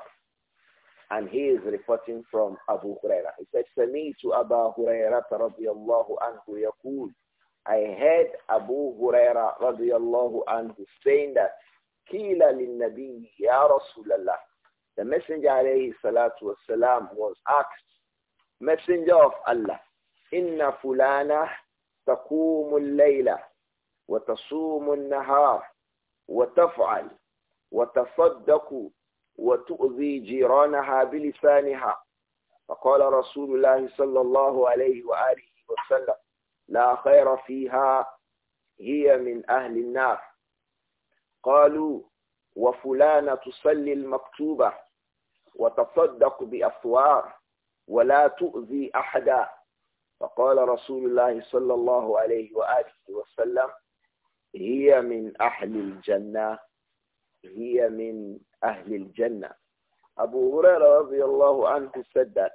and he is reporting from Abu Huraira. He said, Sami'tu Abu Huraira radiyallahu anhu yaqul. I heard Abu Huraira radiyallahu anhu saying that, Kila lil-Nabi ya Rasulallah. The Messenger alayhi salatu wasalam was asked, Messenger of Allah, Inna fulana taqumu al-layla wa tasumu al وتؤذي جيرانها بلسانها فقال رسول الله صلى الله عليه وآله وسلم لا خير فيها هي من أهل النار قالوا وفلانة تصلي المكتوبة وتصدق بأفوار ولا تؤذي أحدا فقال رسول الله صلى الله عليه وآله وسلم هي من أهل الجنة هي من Ahlul Jannah. Abu Hurairah radiallahu anhu said that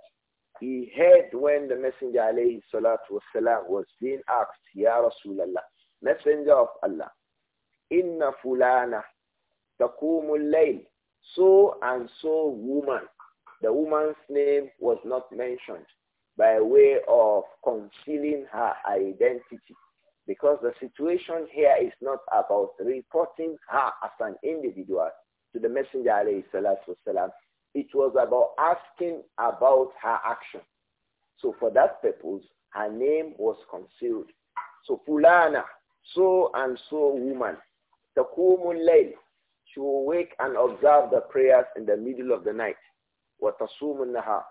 he heard when the Messenger alayhi salatu wasalam was being asked, Ya Rasulallah, Messenger of Allah, Inna fulana taqumul layl, so and so woman. The woman's name was not mentioned by way of concealing her identity because the situation here is not about reporting her as an individual to the Messenger والسلام, it was about asking about her action. So for that purpose, her name was concealed. So fulana, so and so woman, taqumul layl, she will wake and observe the prayers in the middle of the night. وتصوم النهار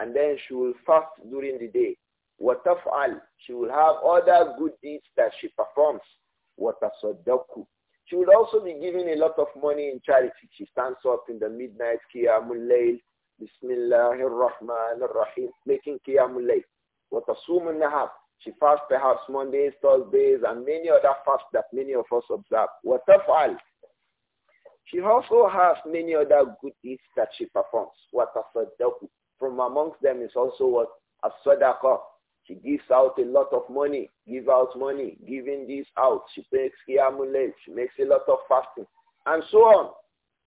and then she will fast during the day. وتفعل she will have other good deeds that she performs. وتصدق she would also be giving a lot of money in charity. She stands up in the midnight, Qiyamul Layl, Bismillahir Rahim, making Qiyamul Layl. What a woman nahab. She fasts perhaps Mondays, Thursdays, and many other fasts that many of us observe. What a She also has many other good deeds that she performs. What a from amongst them is also what a sadaqah, she gives out a lot of money, give out money, giving this out. She makes amulet. she makes a lot of fasting, and so on.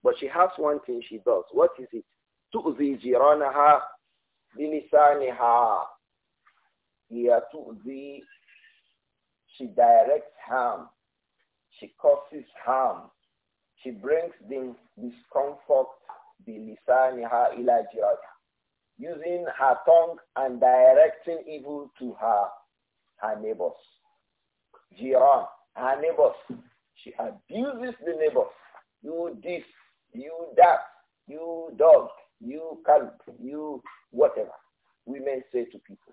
But she has one thing she does. What is it? تؤذي جيرانها بلسانها. Here تؤذي, she directs harm. She causes harm. She brings the discomfort بلسانها ila جيرانها using her tongue and directing evil to her, her neighbors. Jiran, her neighbors. She abuses the neighbors. You this, you that, you dog, you calf, you whatever. Women say to people.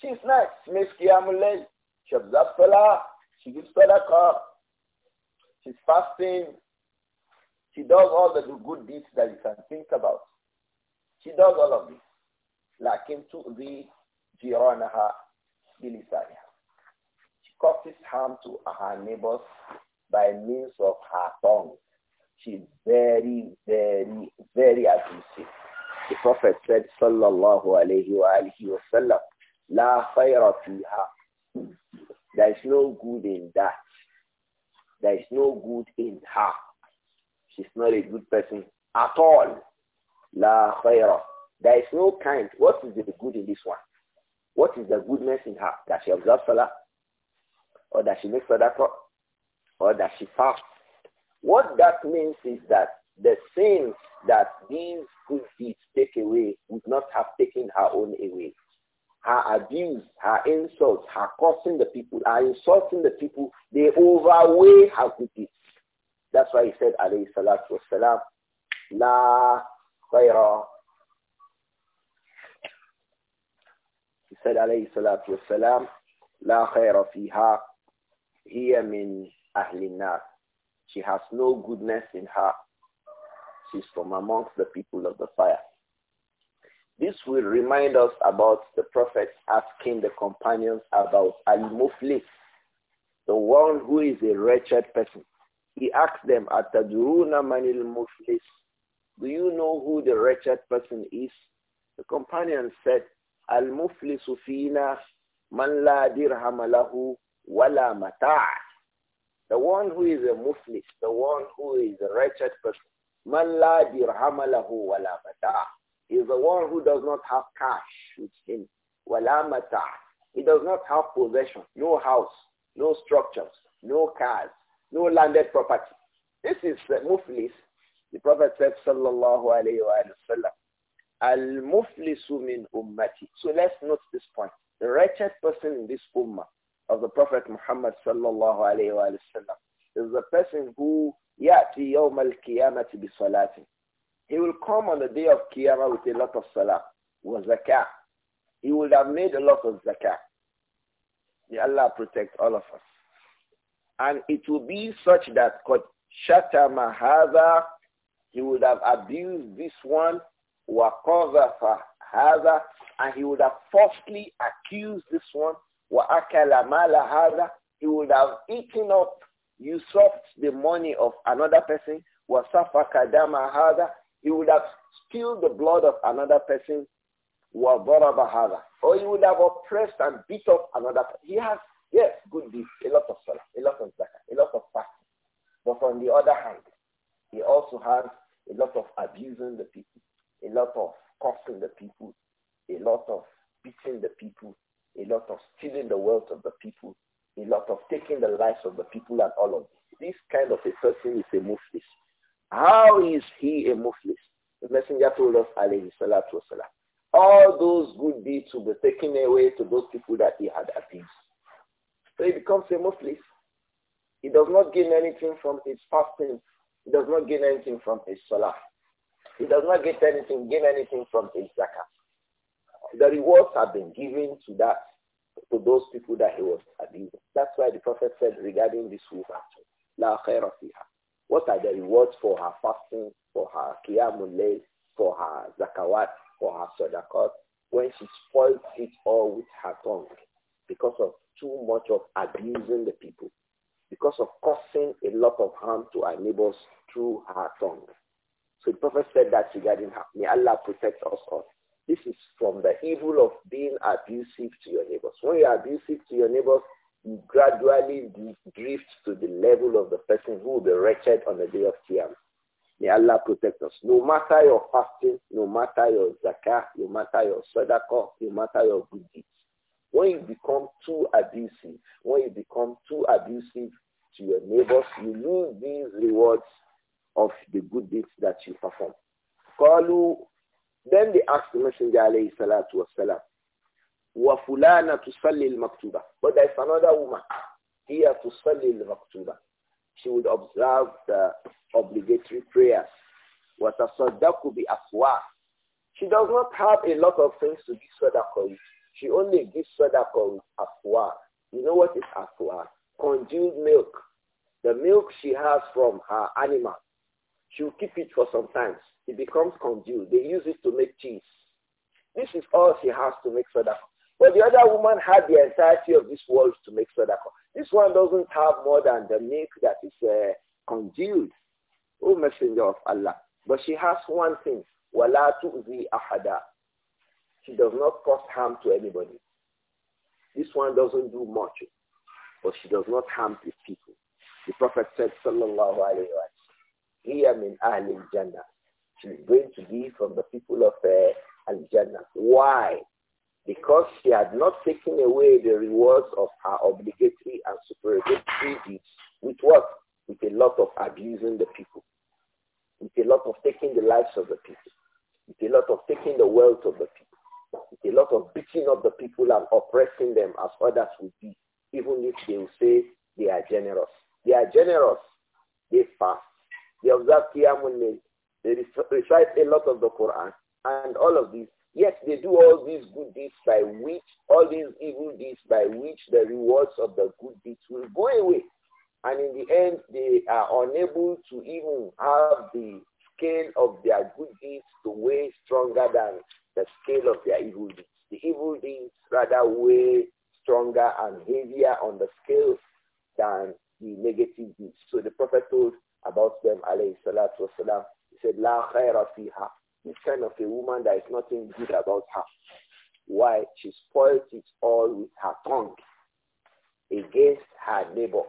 She's nice. Makes Kiamule. She observes Salah. She gives Salah car. She's fasting. She does all the good deeds that you can think about. She does all of this. لكن تؤذي جيرانها بلسانها. She causes harm to her neighbors by means of her tongue. She's very, very, very abusive. The Prophet said, Sallallahu Alaihi Wasallam, La khayra fiha. There is no good in that. There is no good in her. She's not a good person at all. La khayra. There is no kind. What is the good in this one? What is the goodness in her? That she observes Salah? Or that she makes sadaqah? Or that she fasts? What that means is that the sins that these good deeds take away would not have taken her own away. Her abuse, her insults, her cursing the people, her insulting the people, they overweigh her good deeds. That's why he said, alayhi salatu wasalam, la خيرا يسال عليه الصلاة والسلام لا خير فيها هي من أهل النار She has no goodness in her. She's from amongst the people of the fire. This will remind us about the prophet asking the companions about Al-Muflis, the one who is a wretched person. He asked them, Ataduruna manil muflis? Do you know who the wretched person is? The companion said, Al-muflisu sufina man la dirham lahu wala mata' The one who is a muflis, the one who is a wretched person, man la dirham lahu wala mata' is the one who does not have cash with him, wala mata' He does not have possession, no house, no structures, no cars, no landed property. This is the muflis the Prophet said, sallallahu alayhi Wasallam, al-muflisu min ummati. So let's note this point. The wretched person in this ummah of the Prophet Muhammad sallallahu alayhi Wasallam is the person who ya'ti yawm al-qiyamati bi salatin. He will come on the day of Qiyamah with a lot of salah, with zakah. He will have made a lot of zakah. May Allah protect all of us. And it will be such that قد شتم هذا he would have abused this one, وَقَذَفَ هَذَا And he would have falsely accused this one, وَأَكَلَ مَالَ هَذَا He would have eaten up, usurped the money of another person, وَسَفَكَ دَمَ هَذَا He would have spilled the blood of another person, وَضَرَبَ هَذَا Or he would have oppressed and beat up another person. He has, yes, good deeds, a lot of salah, a lot of zakah, a lot of fasting. But on the other hand, he also has a lot of abusing the people, a lot of cursing the people, a lot of beating the people, a lot of stealing the wealth of the people, a lot of taking the lives of the people and all of this. This kind of a person is a Muslim. How is he a Muslim? The messenger told us, alayhi salatu wasalam, all those good deeds will be taken away to those people that he had abused. So he becomes a Muslim. He does not gain anything from his fasting he does not gain anything from his salah. He does not get anything, gain anything from his zakah. The rewards have been given to that, to those people that he was abusing. That's why the Prophet said regarding this woman, La fiha. What are the rewards for her fasting, for her qiyamul for her zakawat, for her sadaqat, when she spoils it all with her tongue because of too much of abusing the people, because of causing a lot of harm to our neighbors through her tongue. So the Prophet said that regarding her. May Allah protect us all. This is from the evil of being abusive to your neighbors. When you're abusive to your neighbors, you gradually drift to the level of the person who will be wretched on the day of Qiyam. May Allah protect us. No matter your fasting, no matter your zakah, no matter your sadaqah, no matter your good deeds. When you become too abusive, when you become too abusive to your neighbors, you lose these rewards of the good deeds that you perform. قالوا Then they asked the Messenger عليه الصلاة والسلام to تصلي maktuba." But there is another woman here to تصلي maktuba. She would observe the obligatory prayers be بأفواه She does not have a lot of things to give sadaqah with. She only gives sadaqah with afwa. You know what is afwa? Congealed milk. The milk she has from her animals. She'll keep it for some time. It becomes congealed. They use it to make cheese. This is all she has to make that. But the other woman had the entirety of this world to make that. This one doesn't have more than the milk that is uh, congealed. O oh, Messenger of Allah. But she has one thing. وَلَا تُؤْذِي أَحَدًا She does not cause harm to anybody. This one doesn't do much, but she does not harm the people. The Prophet said, sallallahu alayhi wa Hiya in ahli She's going to be from the people of uh, Why? Because she had not taken away the rewards of her obligatory and supererogatory deeds with what? With a lot of abusing the people. With a lot of taking the lives of the people. With a lot of taking the wealth of the people. With a lot of beating up the people and oppressing them as others would be, even if they will say they are generous. They are generous. They fast they observe Qiyamul Layl. They recite a lot of the Quran and all of this. Yes, they do all these good deeds by which, all these evil deeds by which the rewards of the good deeds will go away. And in the end, they are unable to even have the scale of their good deeds to weigh stronger than the scale of their evil deeds. The evil deeds rather weigh stronger and heavier on the scale than the negative deeds. So the prophet told about them, alayhi salatu wasalam. He said, La khaira fiha. This kind of a woman, that is nothing good about her. Why? She spoils it all with her tongue against her neighbor.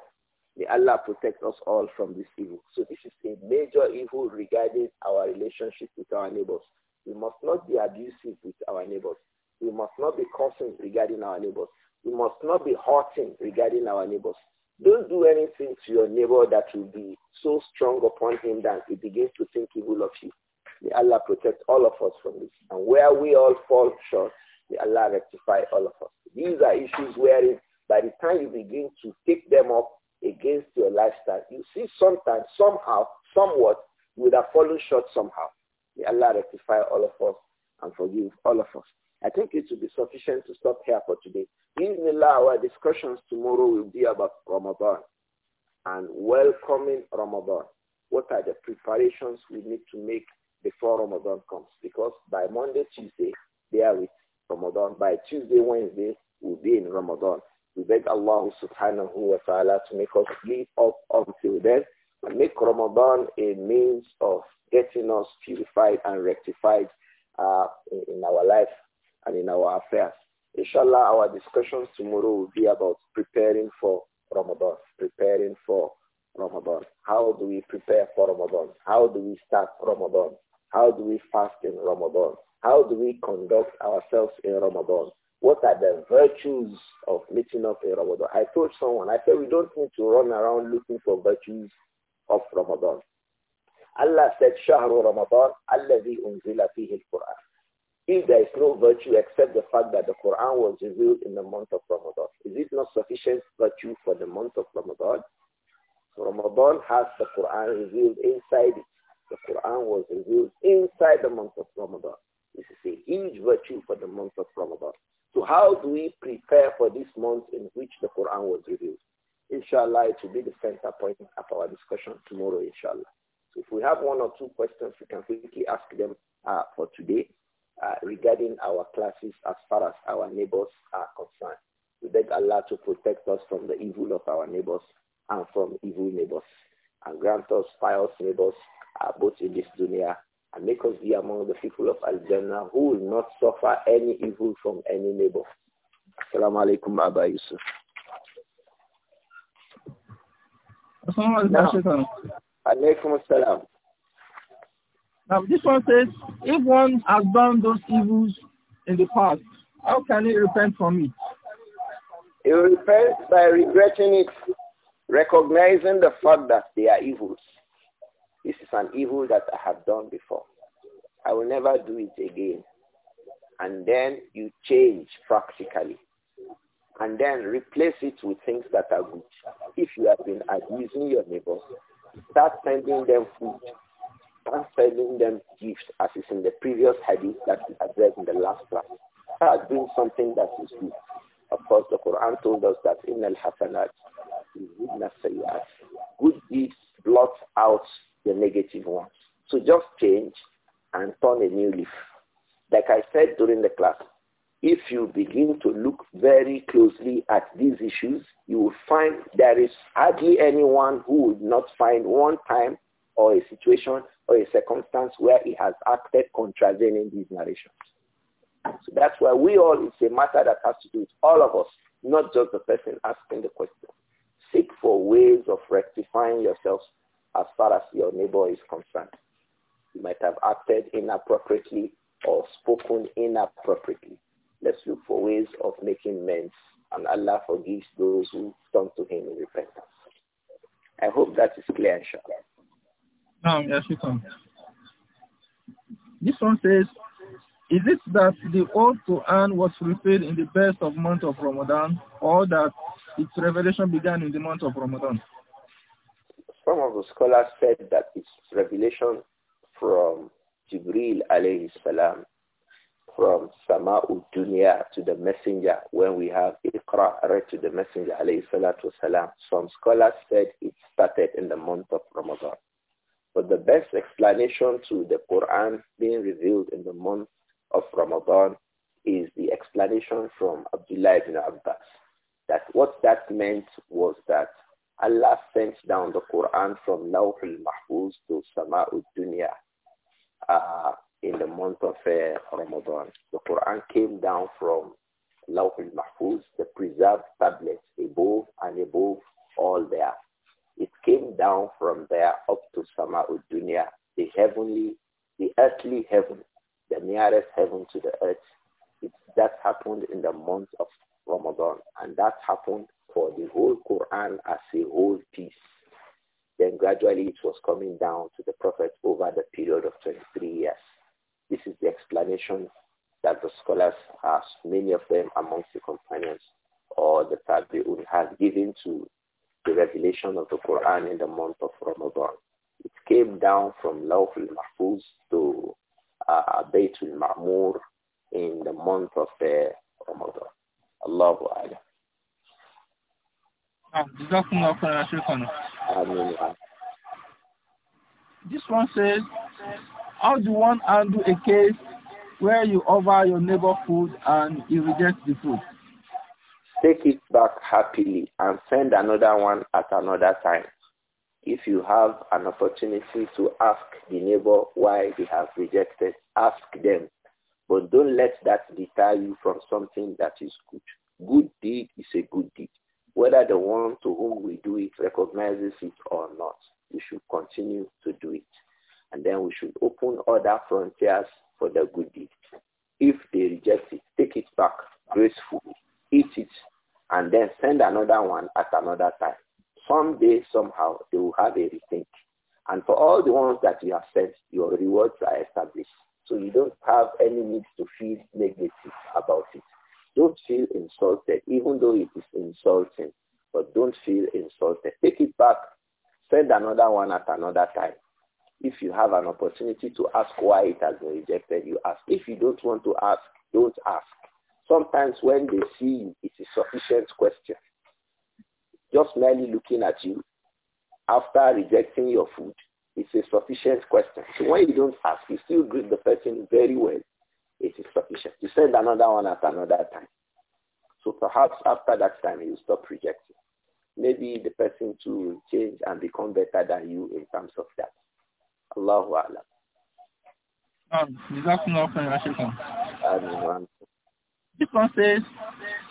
May Allah protect us all from this evil. So this is a major evil regarding our relationship with our neighbors. We must not be abusive with our neighbors. We must not be cursing regarding our neighbors. We must not be hurting regarding our neighbors. Don't do anything to your neighbor that will be so strong upon him that he begins to think evil of you. May Allah protect all of us from this. And where we all fall short, may Allah rectify all of us. These are issues where by the time you begin to take them up against your lifestyle, you see sometimes, somehow, somewhat, you would have fallen short somehow. May Allah rectify all of us and forgive all of us. I think it will be sufficient to stop here for today. Inshallah, our discussions tomorrow will be about Ramadan and welcoming Ramadan. What are the preparations we need to make before Ramadan comes? Because by Monday, Tuesday, they are with Ramadan. By Tuesday, Wednesday, we'll be in Ramadan. We beg Allah subhanahu wa ta'ala to make us live up until then and make Ramadan a means of getting us purified and rectified uh, in, in our life and in our affairs. Inshallah, our discussions tomorrow will be about preparing for Ramadan, preparing for Ramadan. How do we prepare for Ramadan? How do we start Ramadan? How do we fast in Ramadan? How do we conduct ourselves in Ramadan? What are the virtues of meeting up in Ramadan? I told someone, I said we don't need to run around looking for virtues of Ramadan. Allah said, شهر رمضان الذي أنزل فيه القرآن. If there is no virtue except the fact that the Quran was revealed in the month of Ramadan, is it not sufficient virtue for the month of Ramadan? Ramadan has the Quran revealed inside it. The Quran was revealed inside the month of Ramadan. This is a huge virtue for the month of Ramadan. So how do we prepare for this month in which the Quran was revealed? Inshallah, it will be the center point of our discussion tomorrow, inshallah. So if we have one or two questions, we can quickly ask them uh, for today. Uh, regarding our classes as far as our neighbors are concerned. We beg Allah to protect us from the evil of our neighbors and from evil neighbors and grant us pious neighbors uh, both in this dunya and make us be among the people of Al-Jannah who will not suffer any evil from any neighbor. Assalamu alaikum, Abba Yusuf. Assalamu alaikum. Now um, this one says, if one has done those evils in the past, how can he repent from it? He repents by regretting it, recognizing the fact that they are evils. This is an evil that I have done before. I will never do it again. And then you change practically. And then replace it with things that are good. If you have been abusing your neighbor, start sending them food transferring them gifts as is in the previous hadith that we addressed in the last class. has doing something that is good. Of course, the Quran told us that in al-hasanat, good deeds blot out the negative ones. So just change and turn a new leaf. Like I said during the class, if you begin to look very closely at these issues, you will find there is hardly anyone who would not find one time or a situation or a circumstance where he has acted contravening these narrations. So that's why we all, it's a matter that has to do with all of us, not just the person asking the question. Seek for ways of rectifying yourselves as far as your neighbor is concerned. You might have acted inappropriately or spoken inappropriately. Let's look for ways of making amends, and Allah forgives those who turn to Him in repentance. I hope that is clear, inshallah. Now, yes, you can. This one says, is it that the to Quran was revealed in the best of month of Ramadan or that its revelation began in the month of Ramadan? Some of the scholars said that its revelation from Jibril alayhi salam from Sama'u Dunya to the messenger when we have Iqra read to the messenger alayhi salatu salam. Some scholars said it started in the month of Ramadan. But the best explanation to the Quran being revealed in the month of Ramadan is the explanation from Abdullah ibn Abbas. That what that meant was that Allah sent down the Quran from Lawh al-Mahfuz to Sama'ud Dunya uh, in the month of uh, Ramadan. The Quran came down from Lawh al-Mahfuz, the preserved tablet above and above all there. It came down from there up to Sama'ud Dunya, the heavenly, the earthly heaven, the nearest heaven to the earth. It, that happened in the month of Ramadan, and that happened for the whole Quran as a whole piece. Then gradually it was coming down to the Prophet over the period of 23 years. This is the explanation that the scholars, as many of them amongst the companions or the Tabi'un, have given to the revelation of the Quran in the month of Ramadan. It came down from Lawf al-Mahfuz to uh, Bayt mamur in the month of the uh, Ramadan. Allahu um, Akbar. This one says, how do one handle a case where you offer your neighbor food and he rejects the food? Take it back happily and send another one at another time. If you have an opportunity to ask the neighbor why they have rejected, ask them. But don't let that deter you from something that is good. Good deed is a good deed. Whether the one to whom we do it recognizes it or not, we should continue to do it. And then we should open other frontiers for the good deed. If they reject it, take it back gracefully eat it, and then send another one at another time. Someday, somehow, they will have a rethink. And for all the ones that you have sent, your rewards are established. So you don't have any need to feel negative about it. Don't feel insulted, even though it is insulting. But don't feel insulted. Take it back. Send another one at another time. If you have an opportunity to ask why it has been rejected, you ask. If you don't want to ask, don't ask. Sometimes when they see you, it is sufficient question. Just merely looking at you after rejecting your food, it's a sufficient question. So when you don't ask, you still greet the person very well. It is sufficient. You send another one at another time. So perhaps after that time, you stop rejecting. Maybe the person to change and become better than you in terms of that. Allahu Alam. Um, this one says,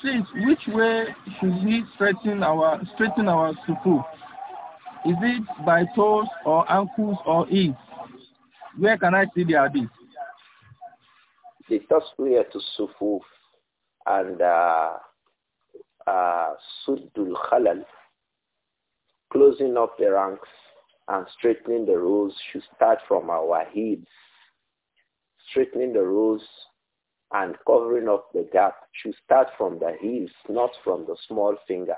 please, which way should we straighten our straighten our suku? Is it by toes or ankles or ears? Where can I see the hadith? The taswiyah to sufuf and uh, uh, khalal, closing up the ranks and straightening the rules should start from our heads. Straightening the rules and covering up the gap should start from the heels, not from the small fingers.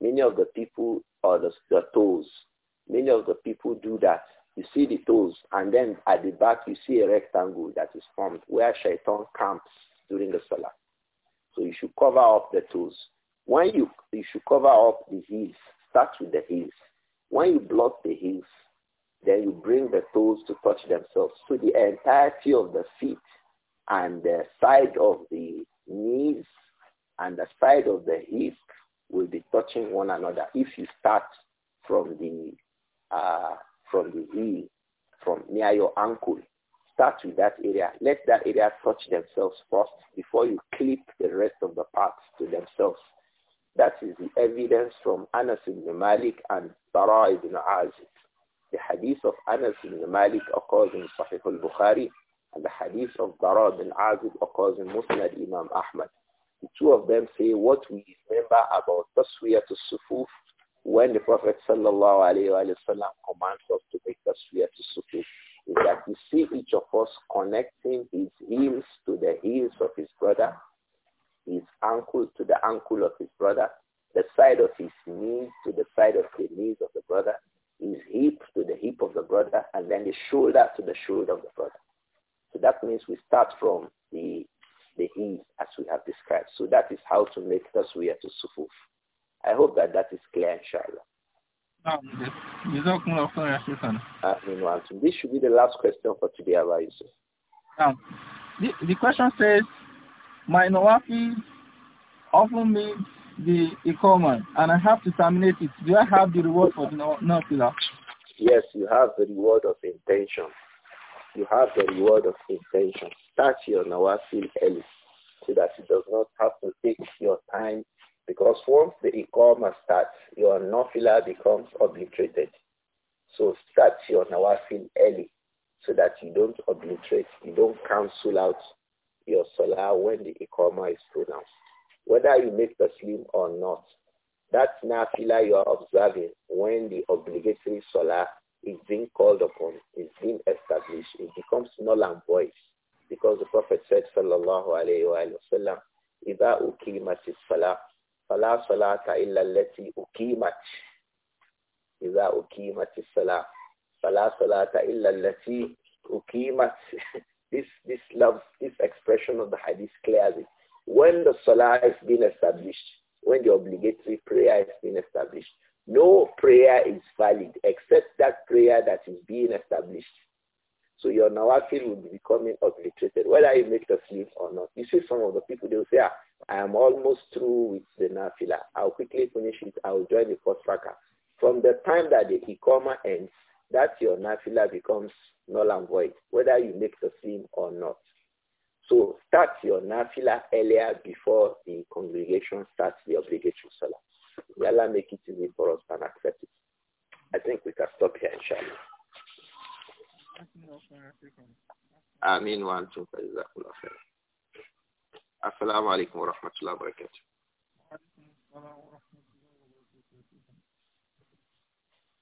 Many of the people, or the, the toes, many of the people do that. You see the toes, and then at the back you see a rectangle that is formed where shaitan camps during the salah. So you should cover up the toes. When you, you should cover up the heels, start with the heels. When you block the heels, then you bring the toes to touch themselves. So the entirety of the feet and the side of the knees and the side of the hip will be touching one another if you start from the uh, from the heel, from near your ankle. Start with that area. Let that area touch themselves first before you clip the rest of the parts to themselves. That is the evidence from Anas ibn Malik and Bara ibn Azib. The hadith of Anas ibn Malik occurs in Sahih al-Bukhari and the hadith of Bara bin Azib occurs in Musnad Imam Ahmad. The two of them say what we remember about taswiyah to sufuf when the Prophet sallallahu alayhi wa commands us to make taswiyah to sufuf is that we see each of us connecting his heels to the heels of his brother, his ankle to the ankle of his brother, the side of his knee to the side of the knees of the brother, his hip to the hip of the brother, and then the shoulder to the shoulder of the brother. So that means we start from the the ease as we have described. So that is how to make are to sufuf. I hope that that is clear, inshallah. this should be the last question for today, Abba Yusuf. the, the question says, my nawafi often means the ikoma and I have to terminate it. Do I have the reward for the nafila? Yes, you have the reward of intention you have the reward of intention. Start your nawafil early so that it does not have to take your time because once the ikoma starts, your nafila becomes obliterated. So start your nawafil early so that you don't obliterate, you don't cancel out your salah when the ikoma is pronounced. Whether you make the slim or not, that nafila you are observing when the obligatory salah is being called upon, is being established, it becomes null and void. Because the Prophet said, sallallahu alayhi wa sallam, إِذَا أُقِيمَتِ الصَّلَاةِ فَلَا صَلَاةَ إِلَّا الَّتِي أُقِيمَتْ إِذَا أُقِيمَتِ الصَّلَاةِ فَلَا صَلَاةَ إِلَّا الَّتِي أُقِيمَتْ This, this, love, this expression of the hadith clearly. When the salah is being established, when the obligatory prayer is being established, no prayer is valid except that prayer that is being established. So your nawafil will be becoming obliterated, whether you make the sleep or not. You see some of the people, they'll say, ah, I am almost through with the nafila. I'll quickly finish it. I'll join the first raka. From the time that the ikoma ends, that your nafila becomes null and void, whether you make the sleep or not. So start your nafila earlier before the congregation starts the obligatory salah. May Allah make it easy for us and accept it. I think we can stop here, inshallah. آمين وأنتم فجزاكم الله خير alaikum عليكم ورحمة